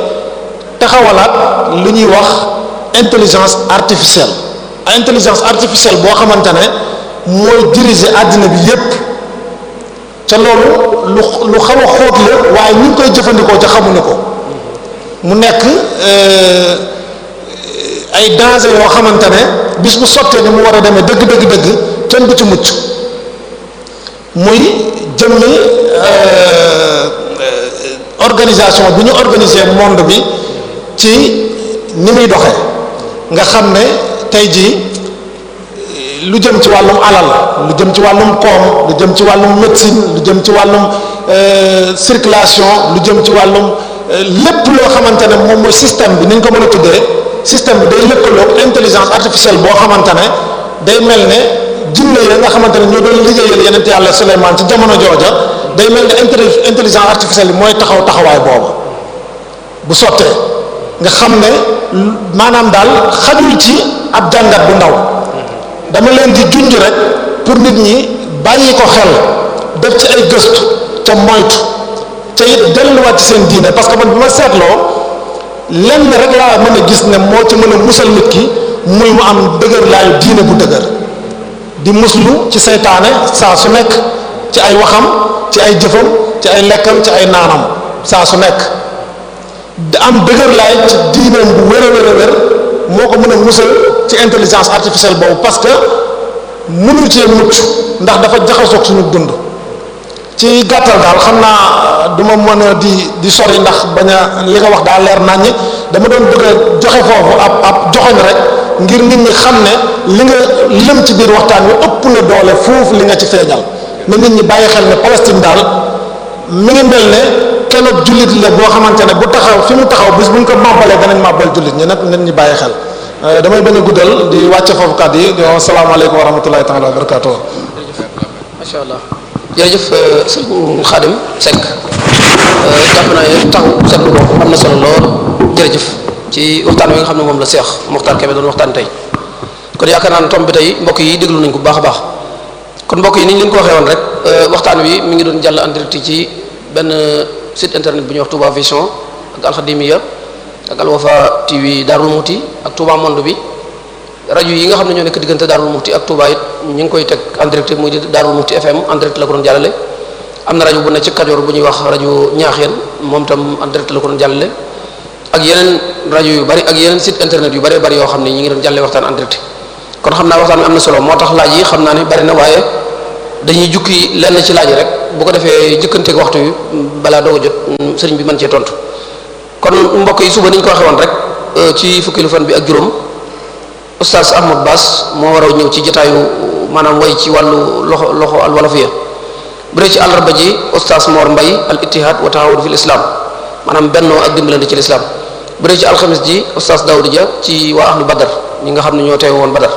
taxawalaat li ñuy wax intelligence artificielle intelligence artificielle boo xamante ne mooy diriger àddina bi yépp ca loolu lu lu xaw a xóot waaye ñu ngi koy jëfandikoo ci xamu xamuñu ko mu nekk euh, ay danger yoo xamante ne bis bu sottee ni mu war a demee dëgg dëgg dëgg kenn du ci mucc muy jëmmi euh, euh, organisation bi ñu organiser monde bi ci ni muy doxee nga xam ne tey jii lu jëm ci wàllum alal lu jëm ci wàllum koom lu jëm ci wàllum médecine lu jëm ci wàllum euh, circulation lu jëm ci wàllum euh, lépp loo xamante ne moom mooy système bi ni ñu ko mën a tuddee système bi day lëkkaloog intelligence artificielle boo xamante ne day mel ne jinne ya nga xamante ne ñoo doon liggéeyal yeneen yàlla Suleymaan ci jamono jooja day mel ne intelligence artificielle bi mooy taxaw taxawaay boobu bu sottee. nga xam ne maanaam daal xajul ci ab jàngat bu ndaw dama leen di junj rek pour nit ñi bàyyi ko xel def ci ay gëstu ca moytu ca it delluwaat ci seen diine parce que man bi ma seetloo lenn rek laa mën a gis ne moo ci mën a musal nit ki muy mu am dëgër laayu diine bu dëgër di muslu ci seytaane saa su nekk ci ay waxam ci ay jëfam ci ay lekkam ci ay naanam saa su nekk da am dëgër laay ci diineem bu wér a wér a wér moo ko mën a musal ci intelligence artificielle boobu parce que mënu cee mucc ndax dafa jaxasoog suñu dund ci gàttal daal xam naa euh, du ma mën a di di sori ndax bañ a li nga wax daal leer naññi dama doon bëgg joxe foofu ab ab joxoñ rek ngir nit ñi xam ne li nga lëm ci biir waxtaan wi ëpp na doole foofu li nga ci feeñal na nit ñi bàyyi xel ne Palestine daal mi ngi mel ne keneen jullit la boo xamante ne bu taxaw fi mu taxaw bis bu ñu ko màbbalee danañ màbbal jullit ñi nag nit ñi bàyyi xel euh, damay bañ a guddal di wàcce foofu yi di wax salaamaaleykum wa rahmatulahi taala wa barakaatu. macha allah jërëjëf euh, sëñ Xaadim Seck euh, jàpp naa ne taxaw seetlu boobu am na solo lool ci waxtaan wi nga xam ne moom la Seex Muxtaar Kebe doon waxtaan tey kon yaakaar naa ne tomb bi tey mbokk yi déglu nañ ko bu baax a baax kon mbokk yi ni ñu leen ko waxee woon rek waxtaan wi mi ngi doon jàll en direct ci benn. site internet bi ñuy wax Touba Vision ak Alxadimiya ak Alwafa TV Darou Mouti ak Touba Monde bi rajo yi nga xam ne ñoo nekk diggante Darou Mouti ak Touba it ñu ngi koy teg en direct muy Darou Mouti FM en direct la ko doon jàllale am na rajo bu ne ci Kajoor bu ñuy wax rajo Ñaaxeen moom tam en direct la ko doon ak yeneen rajo yu bari ak yeneen site internet yu bari bari yoo xam ne ñi ngi doon jàllale waxtaan en direct kon xam naa waxtaan bi am na solo moo tax laaj yi xam naa ne bari na waaye dañuy jukki lenn ci laaj rek boo ko defee jëkkanteeg waxtu balaa doog jot mm, sëriñ bi mën cee tontu kon mbokk yi suba ni ñu ko waxee woon rek euh, ci fukki lu fan bi ak juróom oustaz Ahmad Bass moo war a ñëw ci jotaayu maanaam way ci wàllu loxo loxo al walafiya bu dee ci àllarba ji oustaz Mor Mbay al ittihad wa taawun fil islam maanaam bennoo ak dimbalante ci lislaam bu dee ci alxamis ji oustaz Daoud ja ci waa ahlu badar ñi nga xam ne ñoo teew woon badar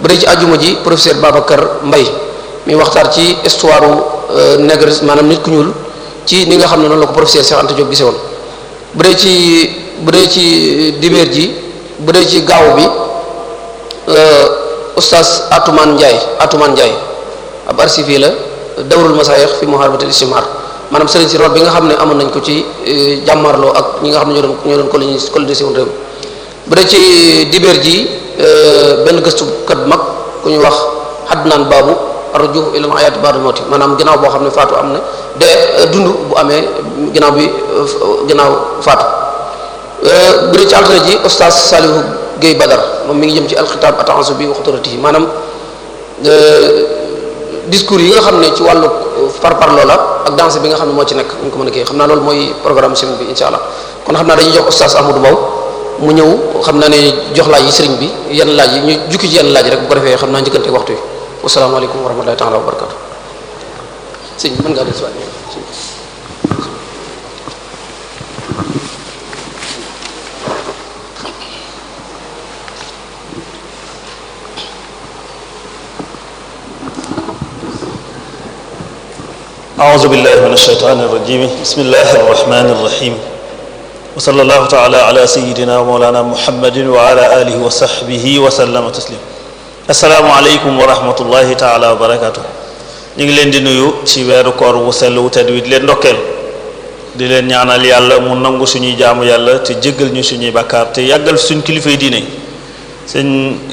bu dee ci ajuma ji professeur Babacar Mbay mi waxtaan ci histoire euh, nègre maanaam nit ku ñuul ci ni nga xam ne noonu la ko professeur Cheikh Anta Diop gisee woon bu dee ci bu ci dibeer ji bu dee ci gaaw bi euh, oustaz Atoumane Ndiaye Atoumane Ndiaye ab arsifi la dawrul masaayix fi muharabatil istimar maanaam sëriñ si rol bi nga xam ne amoon nañ ko ci euh, jàmmarloo ak ñi nga xam ne ñoo doon ñoo doon colonisé colonisé woon réew bu dee ci dibeer ji benn gëstukat mag ku ñu wax Adnan Babu arjuhu ilal hayati moo mawti maanaam ginnaaw boo xam ne faatu am na de euh, dund bu amee ginnaaw bi euh, ginnaaw faatu euh, bu dee ci altine ji oustaz Salihu Guèye Badar moom mi ngi jëm ci alxitab attention bi waxturatihi maanaam discours yi nga xam ne ci wàllu par par loola ak xam ne moo ci nekk ñu ko mën a kii xam naa loolu mooy programme semaine bi incha allah kon xam naa dañuy jox oustaz Amadou Mbow mu ñëw xam naa ne jox laaj yi sëriñ bi yenn laaj yi ñu jukki ci yenn laaj rek bu ko defee xam naa njëkkante waxtu yi wasalaamaaleykum wa rahmatullahi taala wa barakatu sëñ bi mën ngaa del si waat أعوذ بالله من الشيطان الرجيم بسم الله الرحمن الرحيم وصلى الله تعالى على سيدنا ومولانا محمد وعلى آله وصحبه وسلم تسليما asalaamaaleykum wa rahmatullahi taala wa barakatu ñu ngi leen di nuyu ci weeru koor wu sell wu tedd wi di leen ndokkeel di leen ñaanal yàlla mu nangu suñuy jaamu yàlla te jéggal ñu suñuy bàkkaar te yàggal suñ kilifay diine sëñ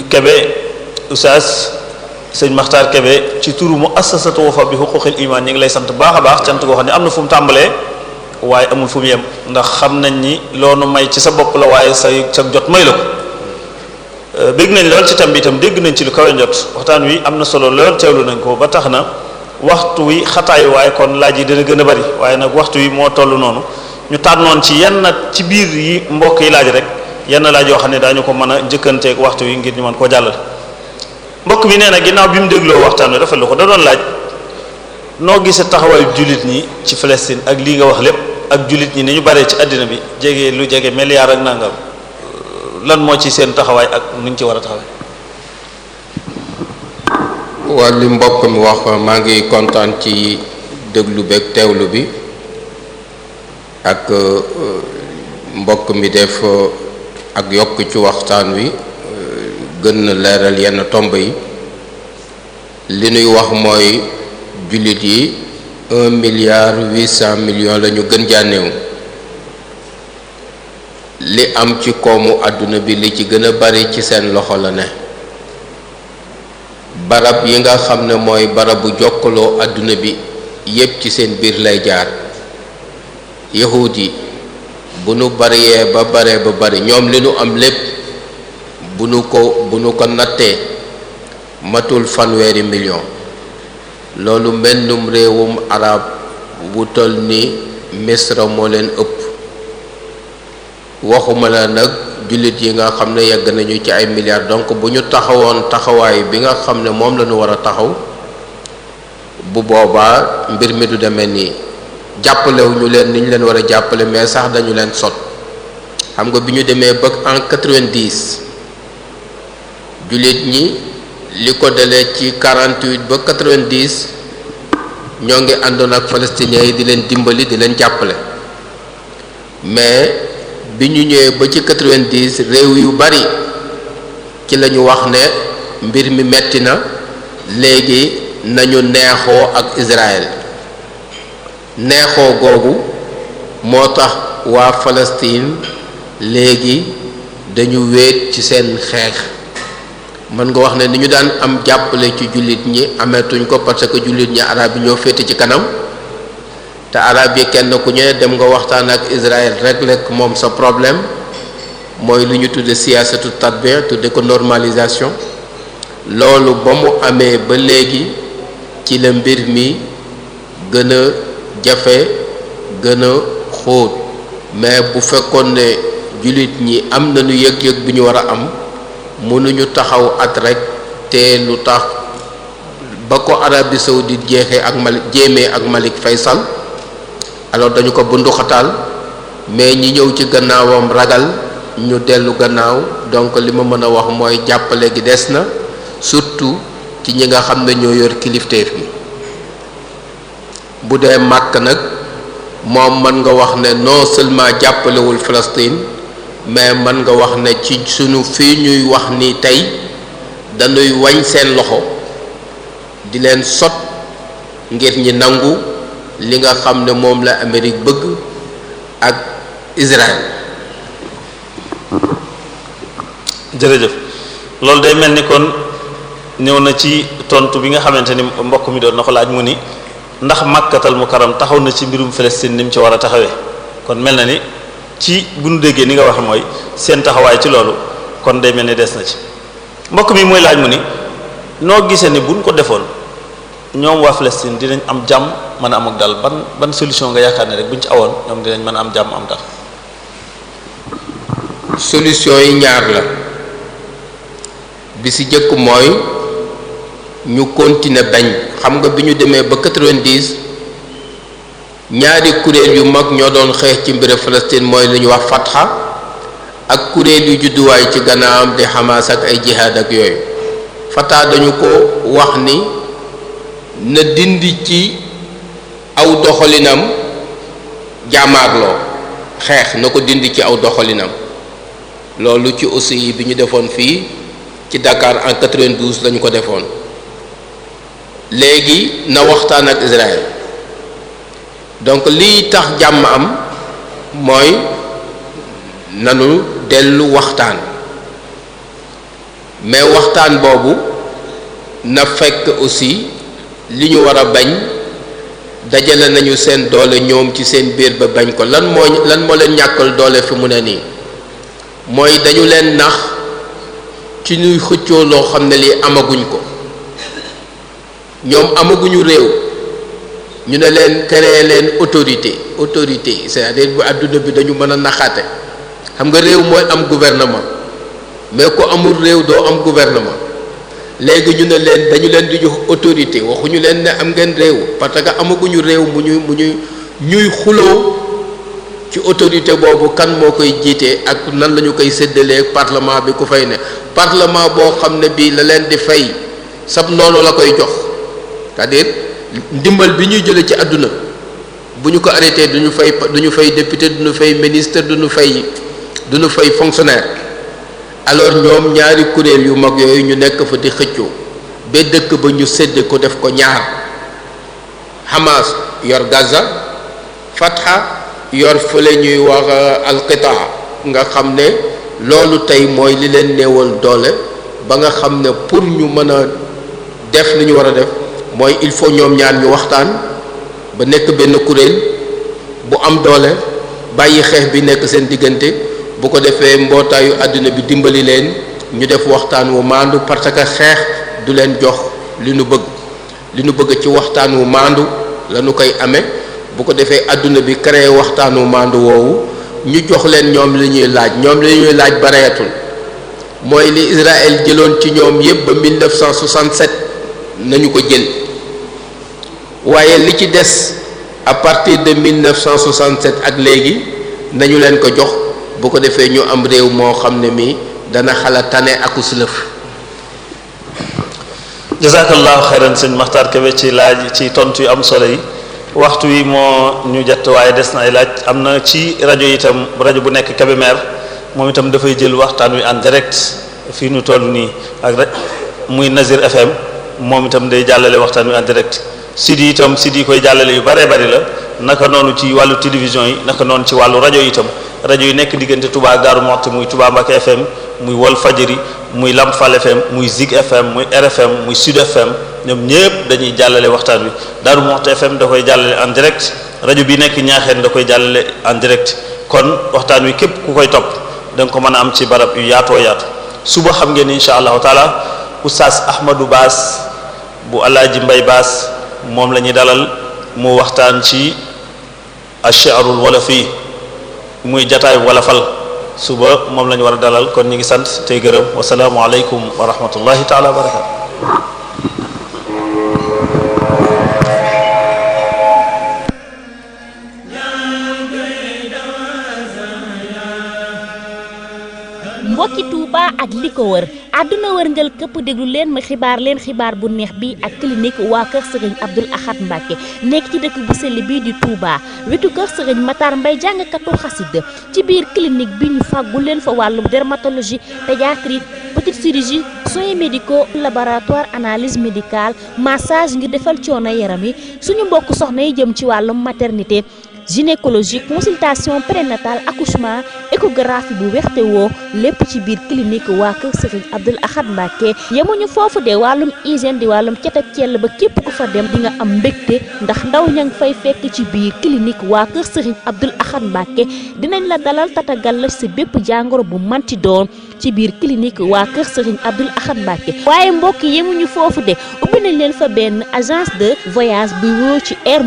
Kebe Oustaz sëñ Maxtaar Kebe ci turu mu assasatu Wafa bi xuquqil iman ngi lay sant baax a baax cant goo xam ne am na fu mu tàmbalee waaye amul fu yem ndax xam nañ ni loonu may ci sa bopp la waaye sa sa jot may la ko Euh, bégg nañ lool ci tam bi itam dégg nañ ci lu kawe njot waxtaan wi am na solo lool teewlu nañ ko ba tax na waxtu wi xataay waaye kon laaj yi dina gën a bari waaye nag waxtu wi moo toll noonu ñu tànnoon ci yan yenn ci biir yi mbokk yi laaj rek yenn laaj yoo xam ne daañu ko mën a njëkkanteeg waxtu wi ngir ñu man koo jàllale mbokk bi nee na ginnaaw bi mu dégloo waxtaan wi rafetlu ko da laaj noo gisee taxawaayu jullit ñi ci Palestine ak lii nga wax lépp ak jullit ñi ni ñu baree ci àddina bi jege lu jege milliard ak nangam. lan moo ci seen taxawaay ak nuñ ci war a taxawaay. waa li mbokk mi wax maa ngi kontaan ci déglu beeg teewlu bi ak euh, mbokk mi def euh, ak yokk ci waxtaan wi euh, gën leeral yenn tomb yi li nuy wax mooy jullit yi un milliard huit cent millions gën jànneewu li am ci koomu àdduna bi li ci gën a bari ci seen loxo la ne barab yi nga xam ne mooy barabu jokkaloo àdduna bi yépp ci seen biir lay jaar yahud yi bu nu bariyee ba bare bari ñoom li nu am lépp bu nu ko bu nu ko nattee matul fanweeri million loolu mennum réewum arab bu toll ni misra moo leen ëpp waxuma la nag jullit yi nga xam ne yegg nañu ci ay milliards donc bu ñu taxawoon taxawaay bi nga xam ne moom la ñu war a taxaw bu boobaa mbir mi du demee nii jàppalewuñu leen ni ñu leen war a jàppale mais sax dañu leen sot xam nga bi ñu demee ba en 90 jullit ñi li ko dalee ci 48 ba 90 ñoo ngi àndoon ak palestiniens yi di leen dimbali di leen jàppale mais. bi ñu ñëwee ba ci 90 réew yu bari ci lañu wax ne mbir mi metti na léegi nañu neexoo ak Israël neexoo googu moo tax waa Palestine léegi dañu wéet ci seen xeex mën nga wax ne ni ñu daan am jàppale ci jullit ñi ametuñ ko parce que jullit ñi arab yi ñoo féete ci kanam te arab yi kenn ku ñu dem nga waxtaan ak Israël rek lekk moom sa problème mooy lu ñu tudde siyaasatu tatbir tudde ko normalisation loolu ba mu amee ba léegi ci la mbir mi gën a jafe gën a xóot mais bu fekkoon ne jullit ñi am na nañu yëg-yëg bu ñu war a am mënuñu taxaw at rek te lu tax ba ko Arabie saoudite jeexee ak Malik jéemee ak Malik Faysal alors dañu ko bunduxataal mais ñi ñëw ci gannaawam ragal ñu dellu gannaaw donc li ma mën a wax mooy jàppale gi des na surtout ci ñi nga xam ne ñoo yor kilifteef bi bu dee màkk nag moom mën nga wax ne noo seulement jàppalewul Palestine mais mën nga wax ne ci sunu fii ñuy wax ni tey dañuy wañ seen loxo di leen sot ngir ñi nangu li nga xam ne moom la Amérique bëgg ak Israël. jërëjëf loolu day mel ni kon ñëw na ci tontu bi nga xamante ni mbokk mi doon na ko laaj mu ni ndax màkkatal mu karam taxaw na ci mbirum Palestine ni mu ci war a taxawee kon mel na ni ci bu nu déggee ni nga wax mooy seen taxawaay ci loolu kon day mel ni des na ci mbokk mi mooy laaj mu ni noo gisee ni buñ ko defoon. ñoom waa Palestine dinañ am jàmm mën a am ak dal ban ban solution nga yaakaar ne rek bu ci awoon ñoom dinañ mën a am jàmm am dal. solution yi ñaar la bi ci jëkk mooy ñu continuer bañ xam nga bi ñu demee ba 90 ñaari kuréel yu mag ñoo doon xeex ci mbiru Palestine mooy lu wax fatxa ak kuréel yu judduwaay ci gannaawam di Hamas ak ay jihaad ak yooyu Fatha dañu ko wax ni. na dindi ci aw doxalinam jaamaarloo xeex na ko dindi ci aw doxalinam loolu ci aussi bi ñu defoon fii ci Dakar en 92 lañu ko defoon léegi na waxtaan ak Israël donc lii tax jàmm am mooy nanu dellu waxtaan mais waxtaan boobu na fekk aussi li ñu war a bañ dajale nañu seen doole ñoom ci seen biir ba bañ ko lan moo lan moo leen ñàkkal doole fi mu ne nii mooy dañu leen nax ci ñuy xëccoo loo xam ne lii amaguñ ko ñoom amaguñu réew ñu ne leen créer leen autorité autorité c'est-à-dire bu àdduna bi dañu mën a naxaate xam nga réew mooy am gouvernement mais ko amul réew doo am gouvernement léegi ñu ne leen dañu leen di jox autorité waxuñu leen ne am ngeen réew parce que amaguñu réew mu ñuy mu ñuy ñuy xuloo ci autorité boobu kan moo koy jiitee ak nan la ñu koy séddalee parlement bi ku fay ne parlement boo xam ne bii la leen di fay sab noonu la koy jox cest à ndimbal bi ñuy jëlee ci àdduna bu ñu ko arrêté duñu fay du ñu fay député duñu fay ministre du fay du fay fonctionnaire alors ñoom ñaari kuréel yu mag yooyu ñu nekk fa di xëccoo ba dëkk ba ñu sédde ko def ko ñaar xamaas yor Gaza fatxa yor fële ñuy wax uh, alqitaa nga xam ne loolu tey mooy li leen néewal doole ba nga xam ne pour ñu mën a def lañu ñu war a def mooy il faut ñoom ñaar ñu waxtaan ba nekk benn kuréel bu am doole bàyyi xeex bi nekk seen diggante bu ko defee mbootaayu àdduna bi dimbali leen ñu def waxtaan wu màndu parce que xeex du leen jox li nu bëgg li nu bëgg ci waxtaan wu maandu la nu koy amee bu ko defee àdduna bi créé waxtaan wu maandu woowu ñu jox leen ñoom li ñuy laaj ñoom li ñuy laaj bareetul mooy li Israël jëloon ci ñoom yépp ba 1967 nañu ko jël waaye li ci des à partir de 1967 ak léegi nañu leen ko jox. bu ko defee ñu am réew moo xam ne mii dana xala tane aku lëf jazakallahu xayran sëñ Maxtaar Kebe ci laaj ci tontu yu am solo yi waxtu wi moo ñu jot waaye des na ay laaj am na ci rajo yitam rajo bu nekk Kébémer moom itam dafay jël waxtaan wi en direct fii nu toll nii ak rek muy Nazir FM moom itam day jàllale waxtaan wi en direct site yi itam site di koy jàllale yu bare bari la naka noonu ci wàllu télévision yi naka noonu ci wàllu rajo yitam rajo yi nekk diggante Touba daaru mott muy Touba Mbacké FM muy Walf Fadjri muy Lamp Fall FM muy Zig FM muy RFM muy Sud FM ñoom ñépp dañuy jàllale waxtaan wi Darou Moukhty FM da koy jàllale en direct rajo bi nekk Ñaaxeen da koy jàllale en direct kon waxtaan wi képp ku koy topp da ko mën a am ci barab yu yaatoo yaatu suba xam ngeen incha allahu taala oustaz Ahmadou Baas bu Alaaji Mbay Baas moom la ñuy dalal mu waxtaan ci ash-shi'rul fii muy jataayu wolofal suba moom lañu ñu war a dalal kon ñu ngi sant tey gërëm wasalaamualeykum wa rahmatullahi taala wa barakatu ci Touba ak li ko wër àdduna wërngal këpp déglu leen ma xibaar leen xibaar bu neex bi ak clinique waa kër sëriñ Abdoul Ahad Mbacke nekk ci dëkk bu sell bii di Touba wetu kër sëriñ Matar Mbay jàngkatu xasida ci biir clinique bi ñu fàggu leen fa wàllum dermatologie pédiatrie petite chirurgie soins médicaux laboratoire analyse médicale massage ngir defal coono yaram yi suñu mbokk soxna yi jëm ci wàllum maternité gynécologie consultation prénatale accouchement échographie bu wexte woo lépp ci biir clinique waa kër Serigne Abdoul Ahad Mbacké yemuñu foofu de wàllum hygiène di wàllum cet ak cell ba képp ku fa dem di nga am mbégte ndax ndaw ña ngi fay fekk ci biir clinique waa kër Serigne Abdoul Ahad Mbacké dinañ la dalal tatagal la si bépp jàngoro bu manti doon ci biir clinique waa kër Serigne Abdoul Ahad Mbacké waaye mbokk yemuñu foofu de ubbi nañ leen fa benn agence de voyage bu woo ci air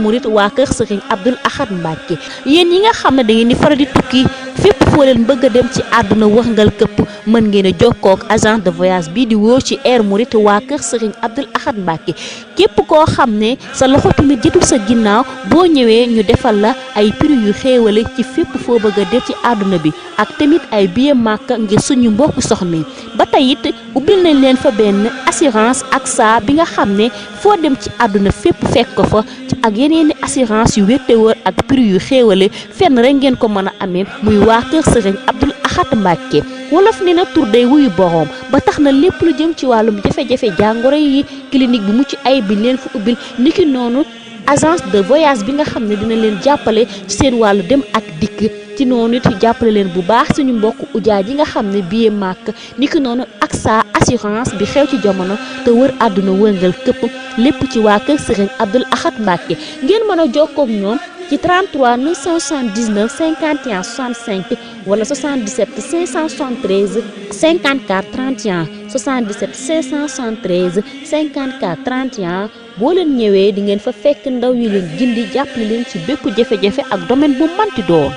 Mbàkke yéen ñi nga xam ne da ngeen di faral di tukki fépp foo leen bëgg a dem ci àdduna wëxngal këpp mën ngeen a jokkoo ak agent de voyage bii di wóor ci Air Mauritanie waa kër Serigne Abdoul Ahad Mbàkke képp koo xam ne sa loxo tamit jëtul sa ginnaaw boo ñëwee ñu defal la ay prix yu xéewale ci fépp foo bëgg a dem ci àdduna bi ak tamit ay billet màkk ngir suñu mbokk soxna yi ba tey it ubbil leen fa benn assirance ak saa bi nga xam ne foo dem ci àdduna fépp fekk ko fa ak yeneen i assurance yu wér te wóor ak prix yu xéewale fenn rek ngeen ko mën a amee muy waa Kër Sëriñ Abdoul Ahad Mbacke wolof ne na tur day wuyu boroom ba tax na lépp lu jëm ci wàllum jafe-jafe jàngoro yi clinique bi mucc ay bi leen fu ubbil niki noonu. agence de voyage bi nga xam ne dina leen jàppale ci seen wàllu dem ak dikk ci noonu it jàppale leen bu baax suñu mbokk ujaa ji nga xam ne billet màkk niki ki noonu ak sa assurance bi xew ci jamono te wër àdduna wëngal këpp lépp ci waa kër Serigne Abdoul Ahad Mbacké ngeen mën a jokkoog ñoom ci 33 979 51 65 wala 77 573 54 31 77 573 54 boo leen ñëwee dingeen fa fekk ndaw yi leen gindi jàppale leen ci bépp jafe-jafe ak domaine bu manti doo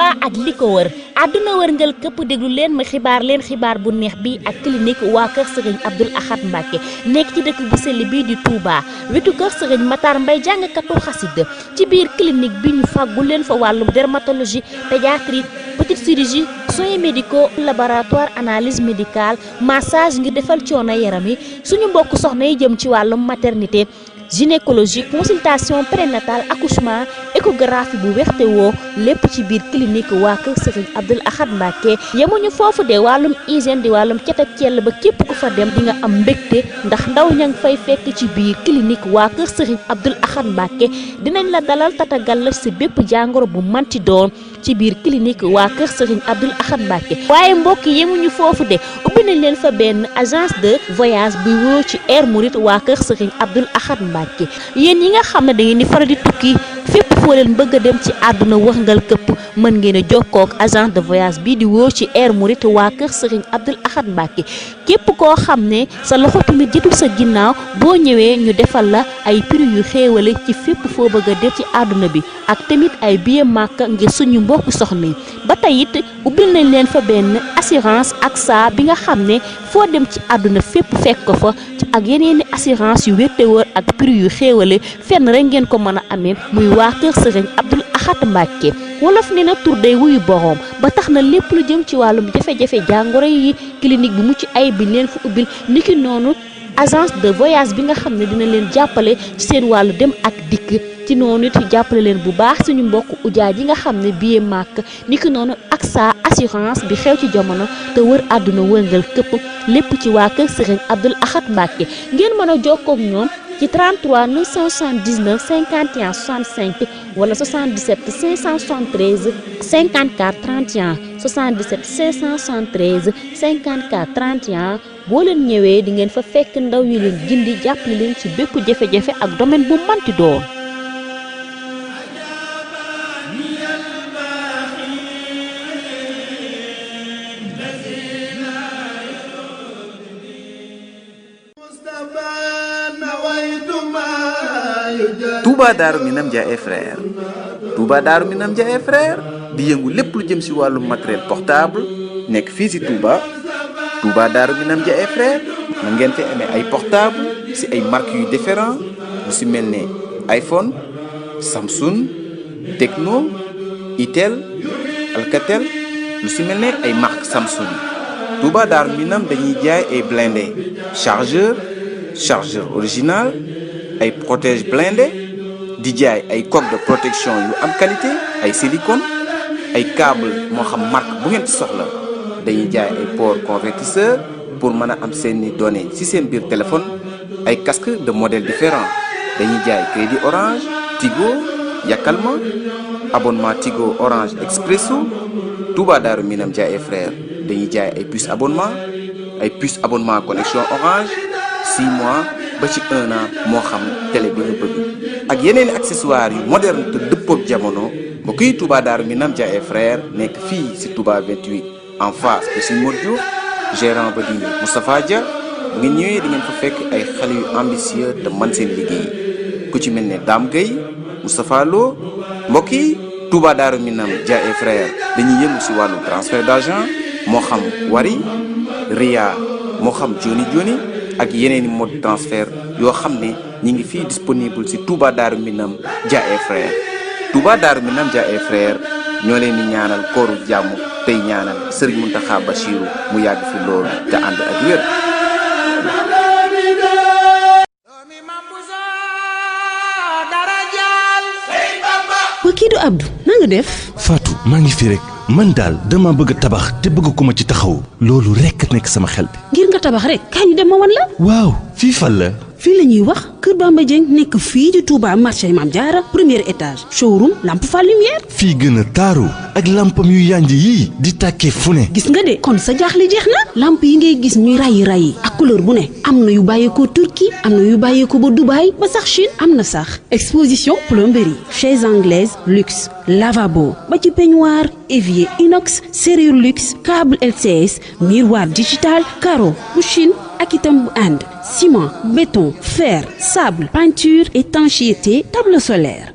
Touba ak li ko wër àdduna wërngal këpp déglu leen ma xibaar leen xibaar bu neex bi ak clinique waa kër sëriñ Abdoul Ahad Mbacke nekk ci dëkk bu sell bii di Touba wetu kër sëriñ Matar Mbay jàngkatu xasida ci biir clinique bi ñu fàggu leen fa wàllum dermatologie pédiatrie petite chirurgie soins médicaux laboratoire analyse médicale massage ngir defal coono yaram yi suñu mbokk soxna yi jëm ci wàllum maternité gynécologie consultation prénatale accouchement échographie bu wexte woo lépp ci biir clinique waa kër Sëriñ Abdoul Ahad Mbacké yemuñu foofu de wàllum hygiène di wàllum cet ak cell ba képp ku fa dem di nga am mbégte ndax ndaw ña ngi fay fekk ci biir clinique waa kër Sëriñ Abdoul Ahad Mbacké dinañ la dalal tatagal la si bépp jàngoro bu manti doon ci biir clinique waa kër Serigne Abdoul Ahad Mbacké waaye mbokk yemuñu foofu de ubbi nañ leen fa benn agence de voyage bi wóor ci Air Mouride waa kër Serigne Abdoul Ahad Mbacké yéen yi nga xam ne da ngeen di faral di tukki fépp leen bëgg a dem ci àdduna wërngal këpp mën ngeen a agent de voyage bii di wóor ci Air waa kër Serigne Abdoul Ahad Mbacké képp koo xam ne sa loxo tamit jotul sa ginnaaw boo ñëwee ñu defal la ay prix yu xéewale ci fépp foo bëgg a dem ci àdduna bi ak tamit ay billet màkk ngir suñu bopp soxna yi ba tey it ubbil nañ leen fa benn assurance ak saa bi nga xam ne foo dem ci àdduna fépp fekk ko fa ak yeneen i yu wétte wër ak prix yu xéewale fenn rek ngeen ko mën a amee muy waa Kër Sëriñ Abdul Ahad Mbàkke wolof ne na tur day wuyu boroom ba tax na lépp lu jëm ci wàllum jafe-jafe jàngoro yi clinique bi mucc ay bi leen fa ubbil niki noonu agence de voyage bi nga xam ne dina leen jàppale ci seen wàllu dem ak dikk ci noonu it jàppale leen bu baax suñu mbokk ujaay yi nga xam ne billet màkk ni ki noonu ak sa assurance bi xew ci jamono te wër àdduna wërngël këpp lépp ci waa kër Serigne Abdoul Ahad Mbacké ngeen mën a jokkoo ak ñoom ci 33 979 51 65 wala 77 573 54 31 77 573 54 31 boo leen ñëwee di ngeen fa fekk ndaw yi leen gindi jàppale leen ci bépp jafe-jafe ak domaine bu manti doon Touba Daaru Minam Dia et frère Touba Daaru Minam Dia di yëngu lépp lu jëm si wàllu matériel portable nekk fii si Touba Touba Daaru Minam Dia et frère mu ngeen fi amee ay portable si ay marques yu différent lu si mel ne iPhone Samsung Tecno Itel Alcatel lu si mel ne ay marque Samsung Touba Daaru Minam dañuy jaay ay blindé chargeur chargeur original ay protège blindé di jaay ay coque de protection yu am qualité ay silicon ay câble moo xam marque bu ngeen soxla dañuy jaay ay port convertisseur pour mën a am seeni données ci seen biir téléphone ay casque de modèles différents dañuy jaay crédit orange Tigo Yakalma abonnement Tigo Orange Expresso Touba Daaru Minam Jaay et frère dañuy jaay ay puce abonnement ay puce abonnement connexion orange 6 mois ba ci 1 an moo xam télé bi nga bëgg ak yeneen accessoires yu moderne te dëppook jamono mbokk yi Touba Darou Minam Dia et frère nekk fii si Touba 28 en face de suñu Modou gérant ba di Moustapha Dia bu ngeen ñëwee di ngeen fekk ay xale yu ambitieux te man seen liggéey ku ci mel ne Dame Gueye Moustapha Lo mbokk yi Touba Darou Minam Dia et frère dañuy yëngu si wàllu transfert d'argent moo xam Wari Ria moo xam Joni Joni ak yeneen i mode yoo xam ne. ñi ngi fii disponible si Touba Darou Minam Dia et Frères Touba Darou Minam Dia ñoo leen ñaanal kooru jàmm tey ñaanal mu yàgg fi loolu def. Fatou maa ngi fi rek man daal dama bëgg tabax te bëgg ko ma ci taxaw loolu rek nekk sama xel bi. ngir nga tabax rek kaay ñu dem ma wan la. waaw fii fan la. fii la ñuy wax Kër Bamba nekk fii ci Touba marché Mame Diarra premier étage showroom lampe fa lumière. fii gën a taaru ak lampam yu yànj yii di tàkkee fu ne. gis nga de kon sa jaaxle jeex na lamp yi ngay gis ñuy rayi rayi ak couleur bu ne am na yu bàyyeekoo Turquie am na yu bàyyeekoo ba Dubaï ba sax Chine am na sax exposition plomberie chaise anglaise luxe lavabo ba ci peignoir évier inox serrure luxe câble LCS miroir digital carreau bu ak itam bu Inde. ciment, béton, fer, sable, peinture, étanchéité, table solaire.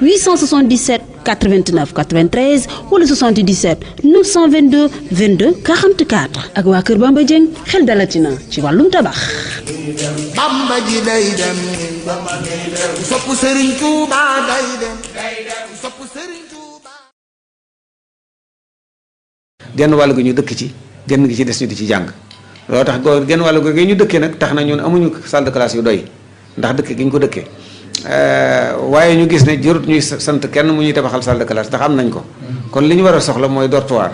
877 89 93 wala 77 922 22 44 ak waa Kër Bamba Dieng xel dalati na ci wàllum tabax. Bamba ji day dem sopp Serigne Touba day dem sopp Serigne Touba. genn wàll gi ñu dëkk ci genn gi ci des ñu di ci jàng loo tax genn wàll gi ñu dëkkee nag tax na ñun amuñu salle de yu doy ndax dëkk gi ñu ko dëkkee. Euh, waaye ñu gis ne jërut ñuy sant kenn mu ñuy tabaxal salle de classe am nañ ko kon li ñu war a soxla mooy dortoir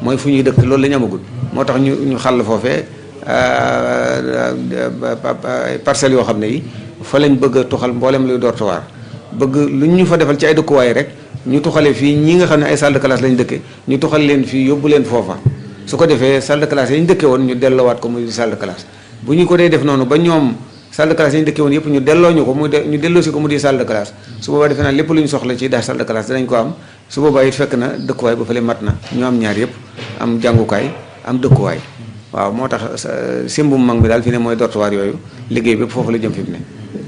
mooy fu ñuy dëkk loolu la ñu moo tax ñu ñu xàll foofee euh, euh, parcelles yoo xam ne yi fa lañ bëgg a tuxal mboolem luy dortoir bëgg lu ñu fa defal ci ay dëkkuwaay rek ñu tuxale fii ñi nga xam ne ay salle de lañ dëkke ñu tuxal leen fii yóbbu leen foofa su ko defee salle de classe yi dëkke woon ñu dellowaat ko muy salle de bu ñu ko dee def noonu salle de classe yi ñu dëkkee woon yëpp ñu delloo ñu ko mu de ñu delloo si ko mu di salle de classe su boobaa defe naa lépp lu soxla ci daal salle de danañ ko am su boobaa it fekk na dëkkuwaay ba fële mat na ñu am ñaar yëpp am jàngukaay am dëkkuwaay waaw moo tax simbum mag mi daal fi ne mooy dortoir yooyu liggéey bépp foofu la jëm fi ne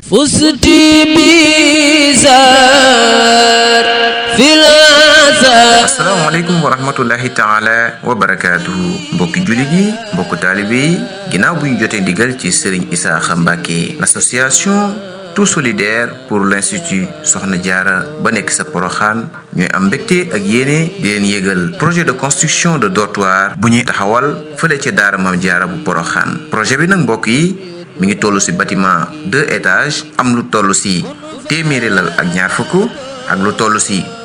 fusti bi sar asalaamaaleykum wa rahmatullahi taala wa mbokki jullit yi mbokk taalibe yi ginnaaw bu ñu jotee ndigal ci Serigne Isaaxa Mbàkke l'association tout solidaire pour l'institut Soxna Jaara ba nekk sa Poroxaan ñooy am mbégte ak yéene di leen yégal projet de construction de dortoir bu ñuy taxawal fële ca daara Maam Jaara bu Poroxaan projet bi nag mbokk yi mu ngi toll ci bâtiment deux étages am lu toll ci téeméeri lal ak ñaar fukk ak lu toll ci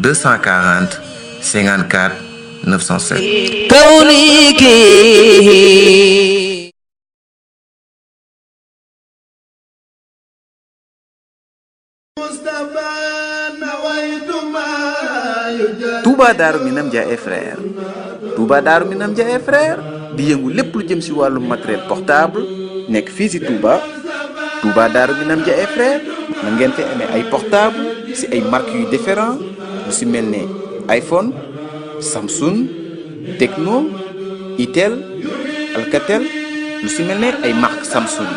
240 54 907. Touba Darou Minam Dia di yëngu lépp lu jëm ci wàllu matériel portable nekk fii ci Touba Touba Darou Minam Dia et frères mën ngeen fi amee ay portable ci ay marques yu différents lu si mel ni iPhone Samsung Tecno Itel Alcatel lu si mel ne ay marque Samsung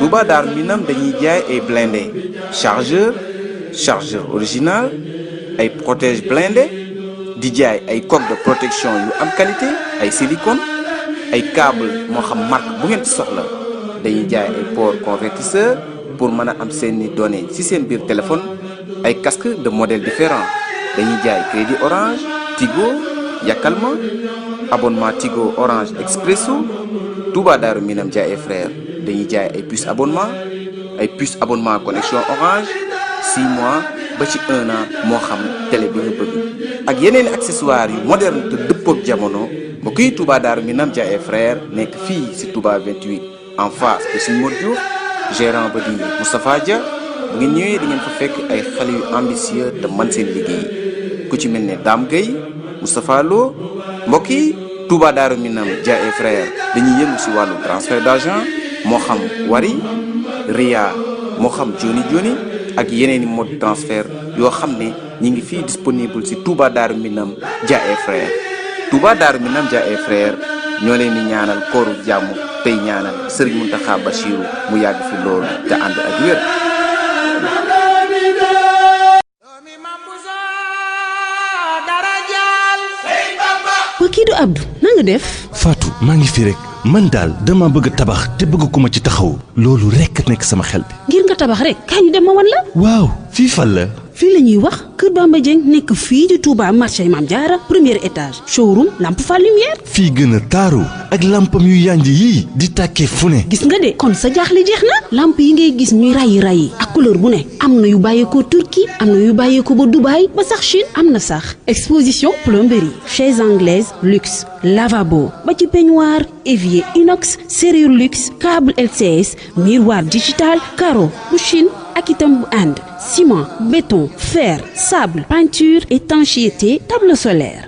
Touba Darou Minam dañuy jaay ay blindé chargeur chargeur original ay protège blindé di jaay ay coque de protection yu am qualité ay silicone ay câble moo xam marque bu ngeen soxla dañuy jaay ay port convertisseur pour mën a am seeni données ci seen biir téléphone ay casque de modèles différents dañuy jaay crédit orange Tigo Yakalma abonnement Tigo orange expresso Touba Daaru Minam Jaay et frère dañuy jaay ay puce abonnement ay puce abonnement connexion orange 6 mois ba ci 1 an moo xam télé bi nga bëgg ak yeneen accessoires yu moderne te dëppook jamono mbokk yi Touba Daaru Minam Jaay et frère nekk fii si Touba 28 en face de suñu mot gérant ba di Moustapha bu ngeen ñëwee di ngeen fa fekk ay xale yu ambitieux te man seen liggéey ku ci mel ne Dame Gueye Moustapha Lo mbokk yi Touba Darou Minam Dia et frère dañuy yëngu si wàllu transfert d'argent moo xam Wari Ria moo xam Joni Joni ak yeneen i mode yoo xam ne ñi ngi fi disponible si Touba Darou Minam Dia et frère Touba Darou Minam Dia et frère ñoo leen di ñaanal kooru jàmm tey ñaanal Serigne Mountakha Bachirou mu yàgg fi loolu te ànd ak wér Abdou na def. Fatou maa ngi fi rek man daal dama bëgg tabax te bëgg ku ci taxaw loolu rek nekk sama xel bi. ngir nga tabax rek kaay dem ma wan la. waaw fii fan la. fii la ñuy wax Kër Bamba Dieng nekk fii ci Touba marché Mame Diarra premier étage showroom lampe fa lumière. fii gën a taaru ak lampam yu yànj yii di tàkkee fu ne. gis nga de kon sa jaaxle jeex na lamp yi ngay gis ñuy rayi rayi ak couleur bu ne am na yu bàyyeekoo Turquie am na yu ko ba Dubaï ba sax Chine am na sax exposition plomberie chaise anglaise luxe lavabo ba ci peignoir évier inox serrure luxe câble LCS miroir digital carreau bu Chine ciment, béton, fer, sable, peinture, étanchéité, table solaire.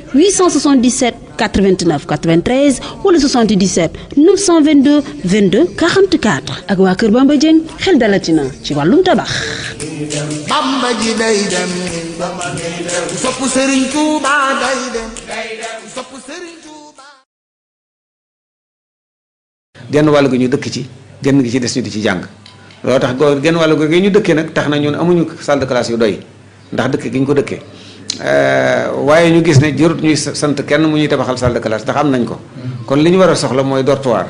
877 89 93 wala 77 922 22 44 ak waa Kër Bamba Dieng xel dalati na ci wàllum tabax. Bamba ji day dem sopp Serigne Touba day dem sopp Serigne Touba. genn wàll gi ñu dëkk ci genn gi ci des ñu di ci jàng loo tax genn wàll gi ñu dëkkee nag tax na amuñu salle de classe yu doy ndax dëkk gi ñu ko dëkkee. Euh, waaye ñu gis ne jërut ñuy sant kenn mu ñuy tabaxal salle de classe ndax am nañ ko kon li ñu war a soxla mooy dortoir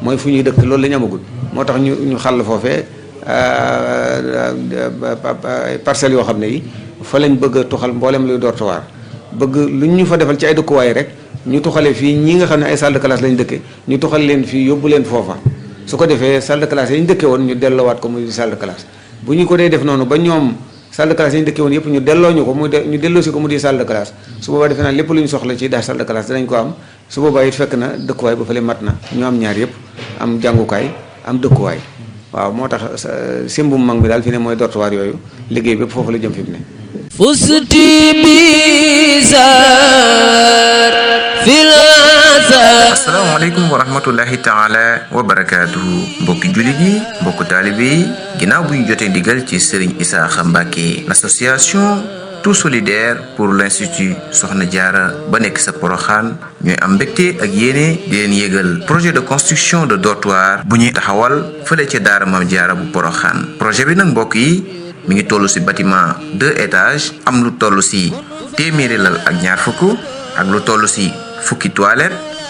mooy fu ñuy dëkk loolu la ñu amagul moo tax ñu ñu xàll foofee euh, euh, parcelles yoo xam ne yi fa lañ bëgg a tuxal mboolem luy dortoir bëgg lu ñu fa defal ci ay dëkkuwaay rek ñu tuxale fii ñi nga xam ne ay salle de lañ dëkke ñu tuxal leen fii yóbbu leen foofa su ko defee salle de classe yi ñu dëkke woon ñu dellowaat ko muy salle de bu ñu ko dee def noonu salle de classe yi ñu dëkkee woon yëpp ñu delloo ñu ko mu ñu delloo si ko mu di salle de classe su boobaa defe naa lépp lu ñu soxla ci daa salle de classe ko am su boobaa it fekk na dëkkuwaay ba fële mat na ñu am ñaar yëpp am jàngukaay am dëkkuwaay waaw moo tax simbum mag mi daal fi ne mooy dortoir yooyu liggéey bépp foofu la jëm fi mu ne fusti bi asalaamaaleykum wa rahmatullahi taala wa barakaatuhu mbokki jullit yi mbokku taalibe ginnaaw bu ñu jotee ndigal ci Serigne Isaaxa Mbàkke l'association tout solidaire pour l'institut Soxna Jaara ba nekk sa poroxaan ñooy am mbégte ak yéene di leen yégal projet de construction de dortoir bu ñuy taxawal fële ca daara ma Jaara bu poroxaan projet bi nag mbokk yi mi ngi toll ci bâtiment deux étages am lu toll ci téeméeri lal ak ñaar fukk ak lu toll ci fukki toilette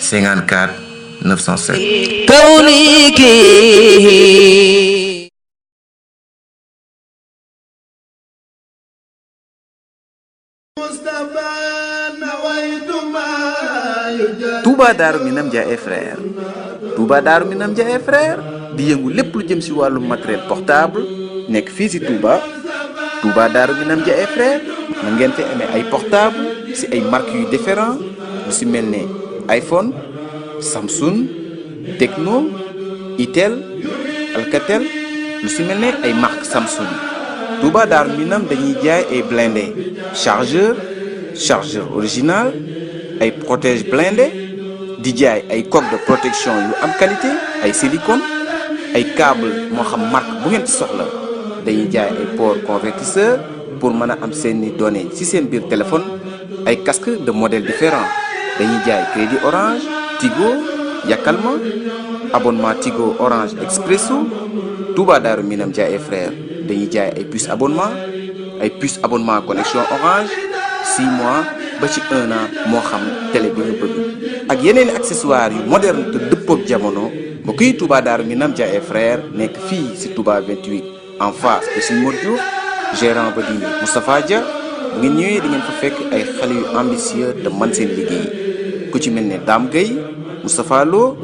54 907 kawniki Touba Darou frère di yëngu lépp lu jëm si wàllu matériel portable nekk fii si Touba Touba Darou Minam Dia et frère mën ngeen fi amee ay portable si ay marques yu différents si mel ne iPhone Samsung Tecno Itel Alcatel lu si mel ne ay marque Samsung Touba Darou Minam dañuy jaay ay blindé chargeur chargeur original ay protège blindé di jaay ay coque de protection yu am qualité ay silicone ay câble moo xam marque bu ngeen soxla dañuy jaay ay port convertisseur pour mën a am seeni données si seen biir téléphone ay casque de modèles différents dañuy jaay crédit orange Tigo Yakalma abonnement Tigo orange expresso Touba Daaru Minam Jaay et frère dañuy jaay ay puce abonnement ay puce abonnement connexion orange 6 mois ba ci 1 an moo xam télé bi nga bëgg ak yeneen accessoires yu moderne te dëppook jamono mbokk yi Touba Daaru Minam Jaay et frère nekk fii si Touba 28 en face de suñu mot gérant ba di Moustapha Dia bu ngeen ñëwee di ngeen fa fekk ay xale yu ambitieux te man seen liggéey ku ci mel ne Dame Gueye Moustapha Lo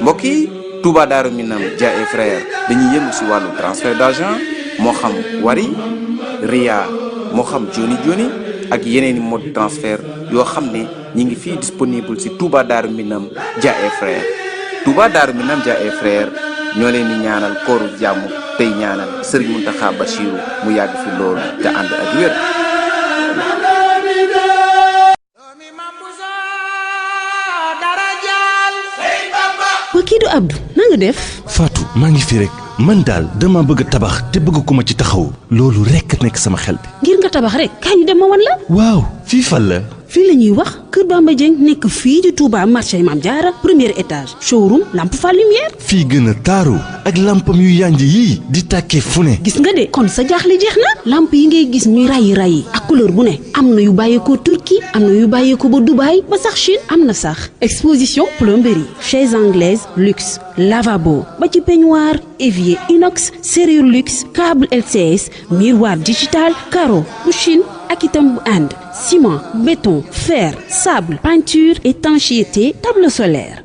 mbokk yi Touba Darou Minam Dia et frère dañuy yëngu si wàllu transfert d'argent moo xam Wari Ria moo xam Joni Joni ak yeneen i mode transfert yoo xam ne ñi ngi fii disponible si Touba Darou Minam Dia et frère Touba Darou Minam Dia et frère ñoo leen di ñaanal kooru jàmm tey ñaanal Serigne Mountakha Bachirou mu yàgg fi loolu te ànd ak wér kii du Abdou na def. Fatou maa ngi fi rek man daal dama bëgg tabax te bëgg ku ma ci taxaw loolu rek nekk sama xel ngir nga tabax rek kaay ñu dem ma wan la. waaw fii fan la. fii la ñuy wax Kër Bamba Dieng nekk fii di Touba marché Mame Diarra première étage showroom lampe fa lumière. fii gën a taaru ak lampam yu yànj yii di tàkkee fu ne. gis nga de kon sa jaaxle jeex na lamp yi ngay gis ñuy rayi rayi ak couleur bu ne am na yu bàyyeekoo Turquie am na yu bàyyeekoo ba Dubaï ba sax Chine am na sax exposition plomberie chaise anglaise luxe lavabo ba ci peignoir évier inox serrure luxe câble LCS miroir digital carreau bu ak itam bu ànd ciment béton fer sable peinture étanchéité table solaire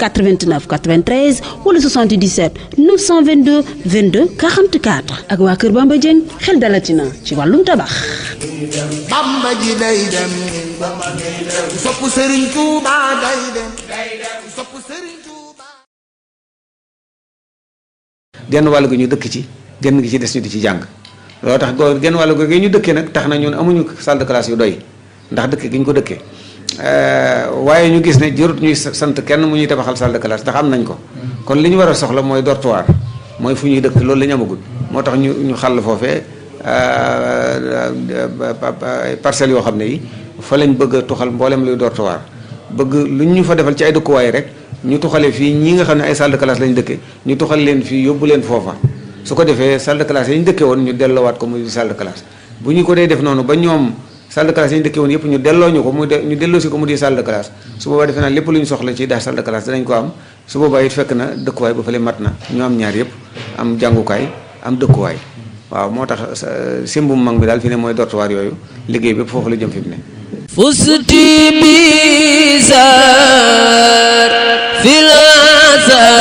89 93 wala 77 922 22 44 ak waa Kër Bamba Dieng xel dalatina ci wàllum tabax. Bamba ji day dem sopp Serigne Touba day dem sopp Serigne Touba. genn wàll gi ñu dëkk ci genn gi ci des ñu di ci jàng loo tax genn wàll gi ñu dëkkee nag tax na ñun amuñu salle de classe yu doy ndax dëkk gi ñu ko dëkkee. Euh, waaye ñu gis ne jërut ñuy sant kenn mu ñuy tabaxal salle de classe am nañ ko kon li ñu war a soxla mooy dortoir mooy fu ñuy dëkk loolu la ñu amagul moo tax ñu ñu xàll foofee euh, euh, parcelles yoo xam ne yi fa lañ bëgg a tuxal mboolem luy dortoir bëgg lu ñu fa defal ci ay dëkkuwaay rek ñu tuxale fii ñi nga xam ne ay salle de lañ dëkke ñu tuxal leen fii yóbbu leen foofa su ko defee salle de classe yi dëkke woon ñu dellowaat ko muy salle de bu ñu ko dee def noonu salle de classe yi ñu dëkkee woon yëpp ñu delloo ñu ko mu de ñu delloo ko mu di salle de su boobaa defe naa lépp lu ñu soxla ci daa salle de classe ko am su boobaa it fekk na dëkkuwaay ba fële mat na ñu am ñaar yëpp am jàngukaay am dëkkuwaay waaw moo tax simbum mag mi daal fi ne mooy dortoir yooyu liggéey bépp foofu la jëm fi mu ne fusti bi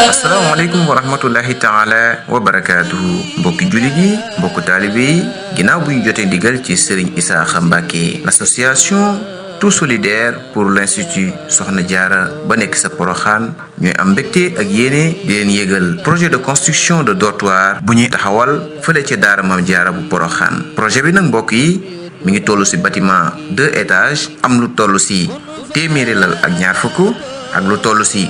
asalaamaaleykum wa rahmatullahi taala wa mbokki jullit yi mbokku taalibe yi ginnaaw bu ñu jotee ndigal ci Serigne Isaaxa Mbàkke l'association tout solidaire pour l'institut Soxna Jaara ba nekk sa poroxaan ñooy am mbégte ak yéene di leen yégal projet de construction de dortoir bu ñuy taxawal fële ca daara Maam Jaara bu poroxaan projet bi nag mbokk yi mi ngi toll ci bâtiment deux étages am lu toll ci téeméeri lal ak ñaar fukk ak lu toll ci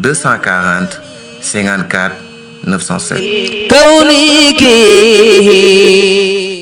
240 54 907.